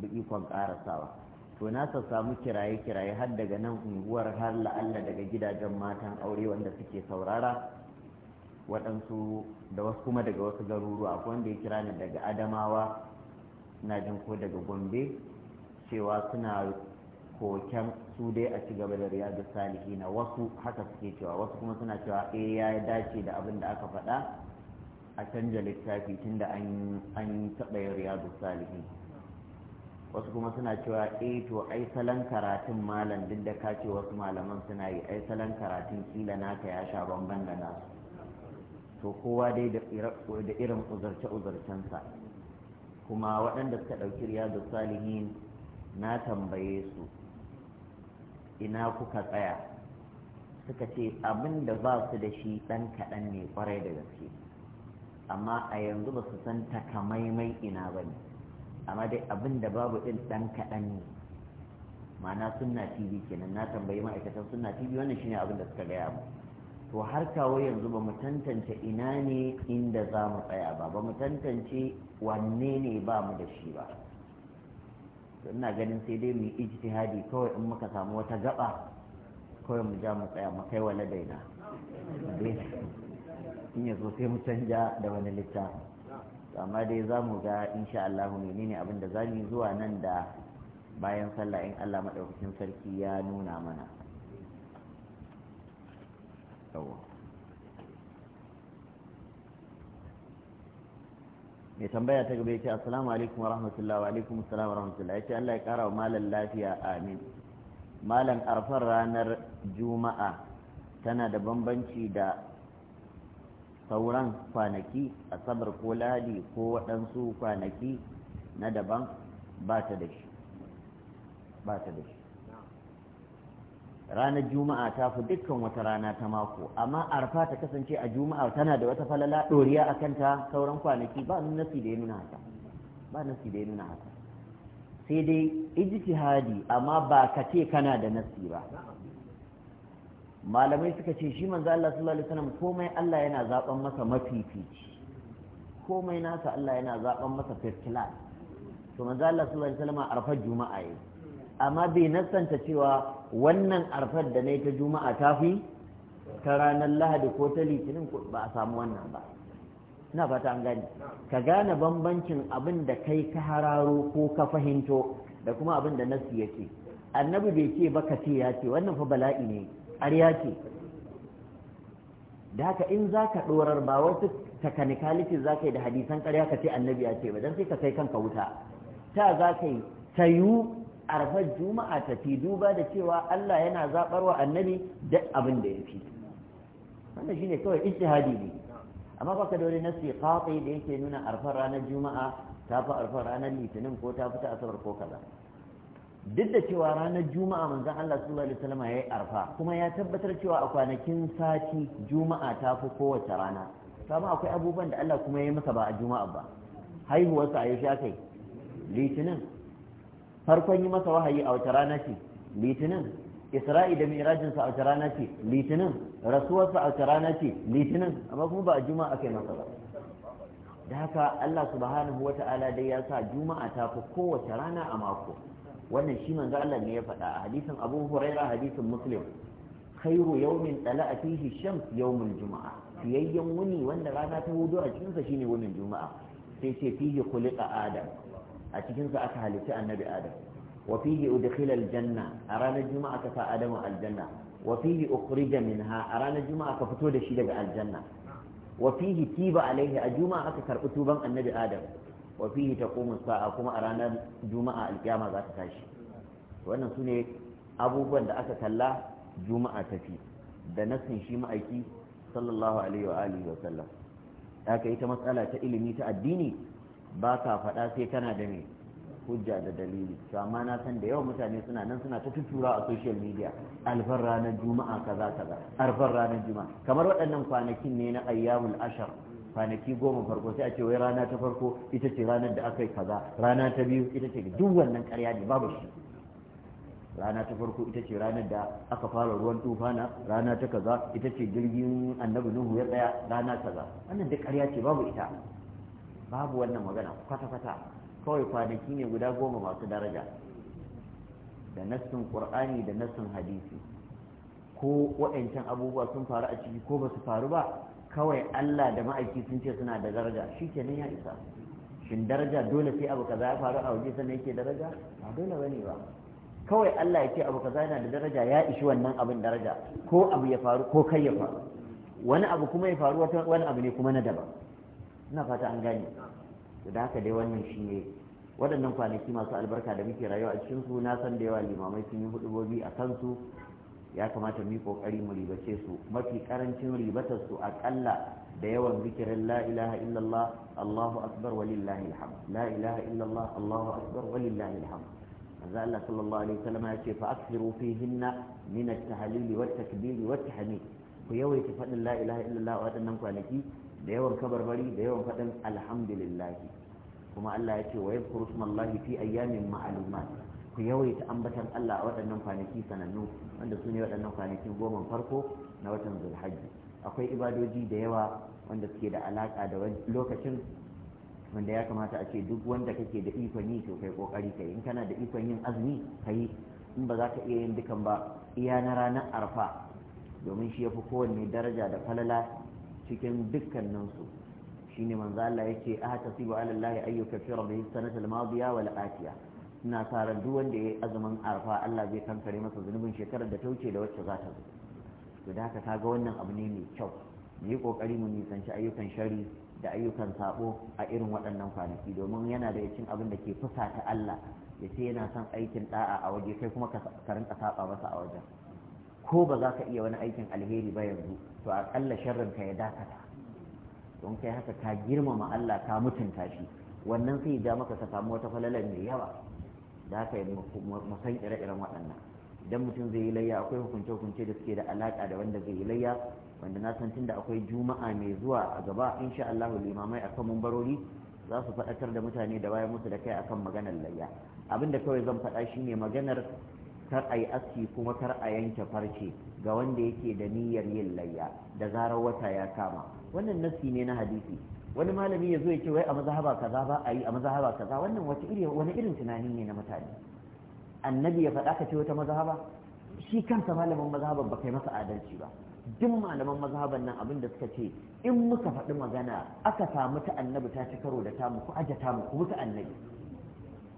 ikon ƙarasawa to na samu kiraye-kiraye har daga nan unguwar har la'alla daga gidajen matan aure wanda suke saurara waɗansu da wasu kuma daga wasu garuruwa ko wanda ya kira ni daga adamawa na jin ko daga gombe cewa suna koken su dai a ci gaba da riyadu salihi na wasu haka suke cewa wasu kuma suna cewa eh ya dace da abin da aka faɗa a canja littafi tunda an taɓa yin riyadu salihi wasu kuma suna cewa eh to ai salon karatun malam duk da ka ce wasu malaman suna yi ai salon karatun kila naka ya sha bamban da nasu to kowa dai da irin uzurce-uzurcensa kuma waɗanda suka ɗauki riyadu salihin na tambaye su ina kuka tsaya suka ce abin da ba su da shi ɗan kaɗan ne ƙwarai da gaske amma a yanzu ba su san takamaimai ina ba ne amma dai abin da babu ɗin ɗan kaɗan ne ma'ana sunna tv kenan na tambayi ma'aikatan sunna tv wannan shine abin da suka gaya mu to har kawo yanzu ba mu tantance ina ne inda za mu tsaya ba ba mu tantance wanne ne ba mu da shi ba to ina ganin sai dai mu yi ijtihadi kawai in muka samu wata gaba kawai mu ja mu tsaya mu kai wa ladaina in ya zo sai mu canja da wani littafi amma dai za mu ga insha Allah menene abin da za mu zuwa nan da bayan sallah in Allah maɗaukakin sarki ya nuna mana mai tambaya ta gaba ce assalamu alaikum wa rahmatullahi wa alaikum assalamu wa rahmatullahi yace Allah ya kara wa malam lafiya amin malam arfar ranar juma'a tana da bambanci da sauran kwanaki a asabar ko lahadi ko waɗansu kwanaki na daban ba ta da shi ba ta da shi ranar juma'a ta fi dukkan wata rana ta mako amma arfa ta kasance a juma'a tana da wata falala ɗoriya a kanta sauran kwanaki ba nasi da ya nuna haka ba nasi da ya nuna haka sai dai ijtihadi amma ba ka ce kana da nasi ba malamai suka ce shi manzo Allah sallallahu alaihi wasallam komai Allah yana zaben masa mafifici komai nasa Allah yana zaben masa first class to manzo Allah sallallahu alaihi wasallam arfar juma'a yi amma bai nassanta cewa wannan arfar da nayi ta juma'a ta fi ta ranar lahadi ko ta litinin ba a samu wannan ba ina fata an gani ka gane bambancin abin da kai ka hararo ko ka fahimto da kuma abin da nasu yake annabi bai ce ba ka ce ya ce wannan fa bala'i ne ƙarya ce da haka in za ka ɗorar ba wasu takanikalitin za ka yi da hadisan ƙarya ka ce annabi ya ce ba don sai ka kai kanka wuta ta za ka yi ta yiwu arfar juma'a ta fi duba da cewa Allah yana zaɓar wa annabi da abin da ya fi shi ne kawai ijtihadi ne amma ba ka dole wani nasi qati da yake nuna arfar ranar juma'a ta fi arfar ranar litinin ko ta fi ta asabar ko kaza duk da cewa ranar juma'a manzon Allah sallallahu alaihi wasallam yayi arfa kuma ya tabbatar cewa a kwanakin sati juma'a ta fi kowace rana kuma akwai abubuwan da Allah kuma ya masa ba a juma'a ba haihuwar a Aisha kai litinin farkon yi masa wahayi a wata rana ce litinin isra'i da sa a wata rana ce litinin rasuwarsa a wata rana ce litinin amma kuma ba a juma'a kai masa ba da haka Allah subhanahu wata'ala dai ya sa juma'a ta fi kowace rana a mako wannan shi manzo Allah ne ya faɗa a hadisin Abu Huraira hadisin Muslim yaumin yawmin tala'a fihi shams yawmul juma'a siyayyen wuni wanda rana ta hudu a cikin sa shine wunin juma'a sai ce fihi khuliqa adam a cikin sa aka halitta annabi adam wa fihi udkhila aljanna a ranar juma'a ka sa adam aljanna wa fihi ukhrija minha a ranar juma'a ka fito da shi daga aljanna wa fihi tiba alaihi a juma'a aka karbi tuban annabi adam wa ta taqumu sa'a kuma a ranar juma'a alkiyama za ta tashi wannan sune abubuwan da aka kalla juma'a tafi da nasin shi ma'aiki sallallahu alaihi wa alihi wa sallam ita matsala ta ilimi ta addini ba ka faɗa sai kana da me hujja da dalili to amma na san da yawa mutane suna nan suna ta tuttura a social media alfar ranar juma'a kaza kaza alfar ranar juma'a kamar waɗannan kwanakin ne na ayyamul ashar kwanaki goma farko sai a ce wai rana ta farko ita ce ranar da aka yi kaza rana ta biyu ita ce duk wannan ƙarya ne babu shi rana ta farko ita ce ranar da aka fara ruwan tufana rana ta kaza ita ce jirgin annabi nuhu ya tsaya rana kaza wannan duk ƙarya ce babu ita babu wannan magana kwata-kwata kawai kwanaki ne guda goma masu daraja da nassin qur'ani da nassin hadisi ko waɗancan abubuwa sun faru a ciki ko ba su faru ba kawai Allah da ma'aiki sun ce suna da daraja shi ke ya isa shin daraja dole sai abu kaza ya faru a waje sannan yake daraja ba dole bane ba kawai Allah ya ce abu kaza yana da daraja ya ishi wannan abin daraja ko abu ya faru ko kai ya faru wani abu kuma ya faru wata wani abu ne kuma na daban ina fata an gane da haka dai wannan shi ne waɗannan kwanaki masu albarka da muke rayuwa a cikin su na san da yawa limamai sun yi hudubobi a kansu ya kamata mu yi kokari mu ribace su mafi karancin ribatar su akalla da yawan zikirin la ilaha illallah Allahu akbar walillahi alhamd la ilaha illallah Allahu akbar walillahi alhamd manzo Allah sallallahu alaihi wasallam ya ce fa aksiru fihinna min at-tahlil wa at-takbir wa at-tahmid ku yawaita fadin la ilaha illallah waɗannan kwanaki da yawan kabarbari da yawan fadin alhamdulillah kuma Allah ya ce wa yadhkuru ismallahi fi ayyamin ma'lumat ku yawaita ambatar Allah a waɗannan kwanaki sanannu wanda su ne waɗannan kwanakin goma farko na watan zulhaji akwai ibadoji da yawa wanda suke da alaƙa da lokacin wanda ya kamata a ce duk wanda kake da ikon yi to kai kokari kai in kana da ikon yin azumi kai in ba za ka iya yin dukan ba iya na ranar arfa domin shi yafi kowanne daraja da falala cikin dukkaninsu shine manzo Allah yake ahata sibu ala Allah ayyuka fi rabbihi sanata madiya wal atiya ina sa duk wanda ya yi azumin arfa Allah zai kankare masa zunubin shekarar da ta wuce da wacce za ta zo to da haka kaga wannan abu ne mai kyau mu yi kokari mu nisanci ayyukan shari da ayyukan sabo a irin waɗannan kwanaki domin yana da cikin abin da ke fusata Allah ya ce yana son aikin da'a a waje kai kuma ka rinka saba masa a wajen ko ba za ka iya wani aikin alheri ba yanzu to aƙalla sharrin ka ya dakata don kai haka ka girmama Allah ka mutunta shi wannan sai ya ja maka ka samu wata falalar mai yawa da haka yi masan ire-iren waɗannan idan mutum zai yi layya akwai hukunce-hukunce da suke da alaƙa da wanda zai yi layya wanda na san tunda akwai juma'a mai zuwa a gaba insha Allah limamai akan mumbarori za su faɗakar da mutane da bayan musu da kai akan maganar layya abin da kawai zan faɗa shine maganar kar a yi aski kuma kar a yanke farce ga wanda yake da niyyar yin layya da zarar wata ya kama wannan naski ne na hadisi wani malami ya zo ya ce wai a mazhaba kaza ba a yi a mazhaba kaza wannan wata iri wani irin tunani ne na mutane annabi ya faɗa ka ce wata mazhaba shi kansa malamin mazhaban ba kai masa adalci ba duk malaman mazhaban nan abin da suka ce in muka faɗi magana aka samu ta annabi ta ci karo da tamu ku aje tamu ku mutu annabi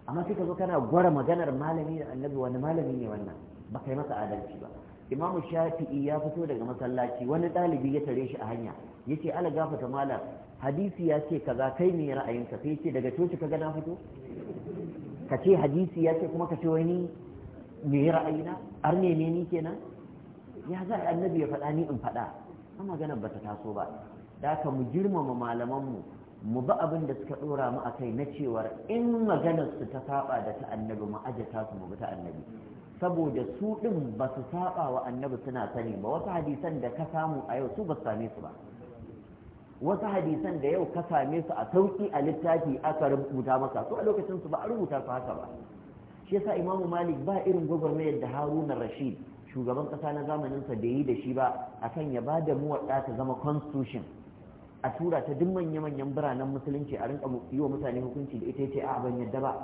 amma sai ka zo kana gwara maganar malami da annabi wani malami ne wannan ba kai masa adalci ba imam shafi'i ya fito daga masallaci wani ɗalibi ya tare shi a hanya ya ce ala gafata malam hadisi ya ce kaza kai me ra'ayinka sai ce daga coci kaga na fito ka ce hadisi ya ce kuma ka ce wani me ra'ayina ar ne ne ni kenan ya za annabi ya faɗa ni in faɗa amma magana ba ta taso ba da ka mu girmama malamanmu mu ba abin da suka ɗora mu a kai na cewar in maganar su ta saba da ta annabi mu ajata su mu bi ta annabi saboda su din ba su saba wa annabi suna sani ba wasu hadisan da ka samu a yau su ba su same su ba wasu hadisan da yau ka same su a sauki a littafi aka rubuta maka su a lokacin su ba a rubuta su haka ba shi yasa imamu malik ba irin gwagwarmayar da haruna rashid shugaban kasa na zamanin sa da yi da shi ba akan ya ba da muwaɗa ta zama constitution a tura ta duk manya-manyan biranen musulunci a rinka yi wa mutane hukunci da ita ce a ban yadda ba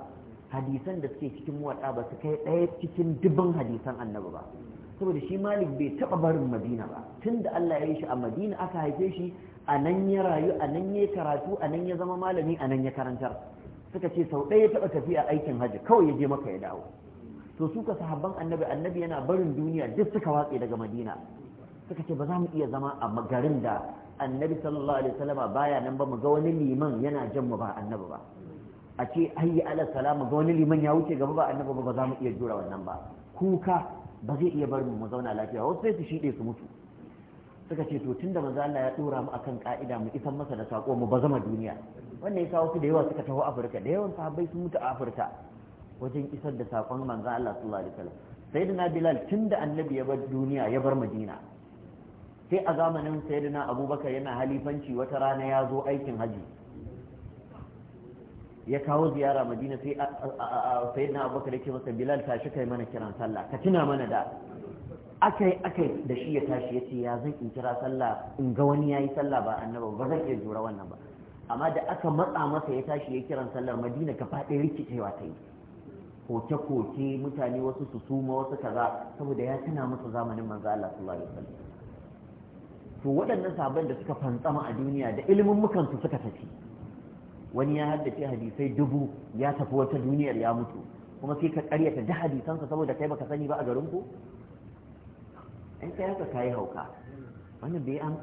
hadisan da suke cikin muwaɗa ba su kai ɗaya cikin dubban hadisan annabi ba saboda shi malik bai taɓa barin madina ba tun da allah ya yi shi a madina aka haife shi a nan ya rayu a nan ya karatu a nan ya zama malami a nan ya karantar suka ce sau ɗaya ya taɓa tafiya aikin hajji kawai ya je maka ya dawo to suka sahabban annabi annabi yana barin duniya duk suka watse daga madina suka ce ba za mu iya zama a garin da annabi sallallahu alaihi wasallama baya nan ba mu ga wani liman yana jan mu ba annabi ba a ce ayi ala salam ga wani liman ya wuce gaba ba annabi ba ba za mu iya jura wannan ba kuka ba zai iya barin mu zauna lafiya wasu sai su shide su mutu suka ce to tunda manzo Allah ya dora mu akan ka'ida mu isan masa da sako mu ba zama duniya wannan ya kawo su da yawa suka taho Afirka da yawan sahabbai sun mutu a Afirka wajen isar da sakon manzo Allah sallallahu alaihi wasallam sayyidina Bilal tunda annabi ya bar duniya ya bar Madina sai a zamanin sayyidina Abubakar yana halifanci wata rana ya zo aikin haji ya kawo ziyara madina sai sayyidina abubakar yake masa bilal tashi kai mana kiran sallah ka tuna mana da aka yi aka da shi ya tashi ya ce ya zan in kira sallah in ga wani ya yi sallah ba annaba ba zan iya jura wannan ba amma da aka matsa masa ya tashi ya kiran sallar madina ka faɗi rikicewa ta yi koke-koke mutane wasu su suma wasu kaza saboda ya tuna musu zamanin manzo Allah sallallahu alaihi wasallam to waɗannan sabon da suka fantsama a duniya da ilimin mukan su suka tafi wani ya haddace hadisai dubu ya tafi wata duniyar ya mutu kuma sai ka ta da hadisansa saboda kai baka sani ba a garin ku in kai haka kayi hauka wannan bai an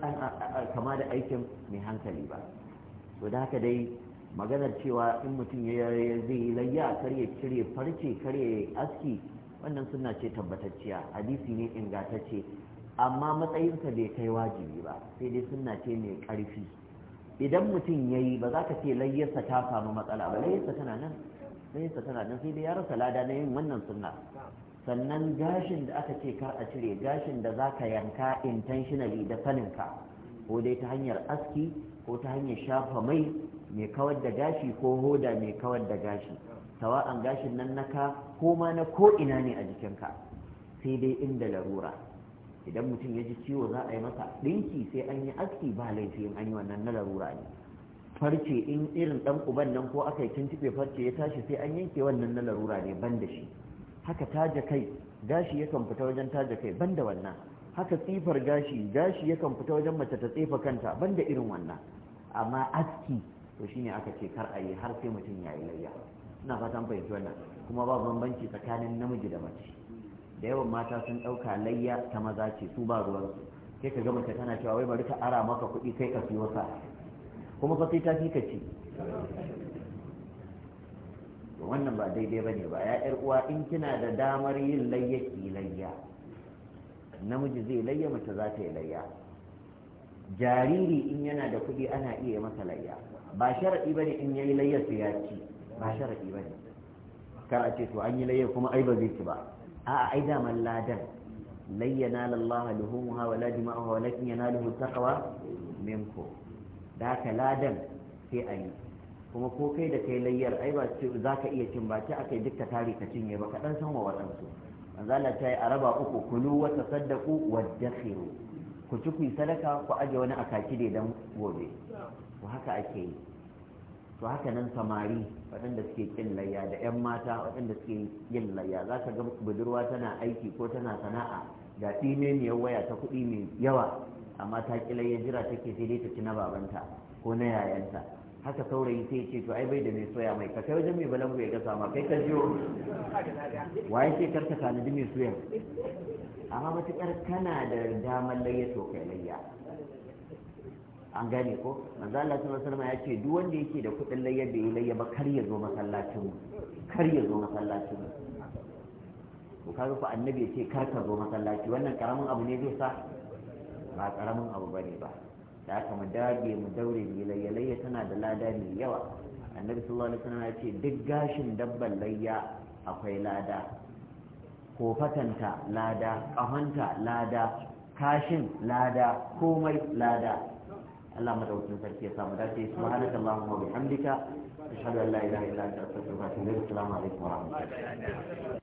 kama da aikin mai hankali ba to da haka dai maganar cewa in mutum ya zai yi layya karye cire farce karye aski wannan suna ce tabbatacciya hadisi ne ingantacce amma matsayinsa bai kai wajibi ba sai dai suna ce mai ƙarfi idan mutum ya yi ba za ka ce layyarsa ta samu matsala ba layyarsa tana nan sai dai ya rasa lada na yin wannan sunna sannan gashin da aka ce ka a cire gashin da za ka yanka intentionally da saninka ko dai ta hanyar aski ko ta hanyar shafa mai mai kawar da gashi ko hoda mai kawar da gashi sawa'an gashin nan ka ko ma na ko ina ne a jikinka sai dai inda larura idan mutum ya ji ciwo za a yi masa ɗinki sai an yi aski ba laifi in an yi wannan na larura ne farce in irin ɗan uban nan ko aka yi tuntuɓe farce ya tashi sai an yanke wannan na larura ne ban da shi haka taje kai gashi yakan fita wajen taje kai banda wannan haka tsifar gashi gashi yakan fita wajen mace ta tsifa kanta banda irin wannan amma aski to shine aka ce kar a yi har sai mutum ya yi layya ina fatan fahimci wannan kuma babu bambanci tsakanin namiji da mace da yawan mata sun ɗauka layya ta maza ce su ba ruwansu sai ka ga mace tana cewa wai bari ka ara maka kuɗi kai ka siyo sa kuma fa sai ta fi ka ci to wannan ba daidai ba ne ba ya yar uwa in kina da damar yin layya ki layya namiji zai layya mace za ta yi layya jariri in yana da kuɗi ana iya masa layya ba sharaɗi ba ne in yayi layya su ya ci ba sharaɗi ba ne kar a ce to an yi layya kuma ai ba zai ci ba a'a ai daman ladan lan yanala Allah luhumuha wala dima'uha walakin yanaluhu taqwa minkum da ka ladan sai a yi kuma ko kai da kai layyar ai ba za ka iya cin ba ce aka yi duk ka tare ka cinye ba kaɗan san wa waɗansu manzala ta yi a raba uku kulu wa tasaddaku wa dakhiru ku ci ku yi sadaka ku aje wani a da dan gobe to haka ake yi to haka nan samari waɗanda suke kin layya da 'yan mata waɗanda suke yin layya za ka ga budurwa tana aiki ko tana sana'a ga ɗimeniyar waya ta kuɗi mai yawa amma ta ƙi layya jira take sai dai ta ci na babanta ko na yayanta haka saurayi sai ce to ai bai da mai soya mai ka kai wajen mai balangu ya gasa ma kai ka jiyo waye ce karka tanadi mai soya amma matuƙar kana da damar layya to kai layya an gane ko manzo Allah sallallahu alaihi ya ce duk wanda yake da kuɗin layya da yi layya ba kar ya zo masallacin kar ya zo masallacin ko kaga ko annabi ya ce kar ka zo masallaci wannan karamin abu ne zai sa ba karamin abu bane ba da aka mu dage mu daure mu layya layya tana da lada mai yawa annabi sallallahu alaihi wasallam ya ce duk gashin dabban layya akwai lada kofatanta lada ƙahonta lada kashin lada komai lada Allah madaukakin sarki ya samu dace subhanaka allahumma wa bihamdika ashhadu an la ilaha illa anta astaghfiruka wa atubu ilaik assalamu alaikum wa rahmatullahi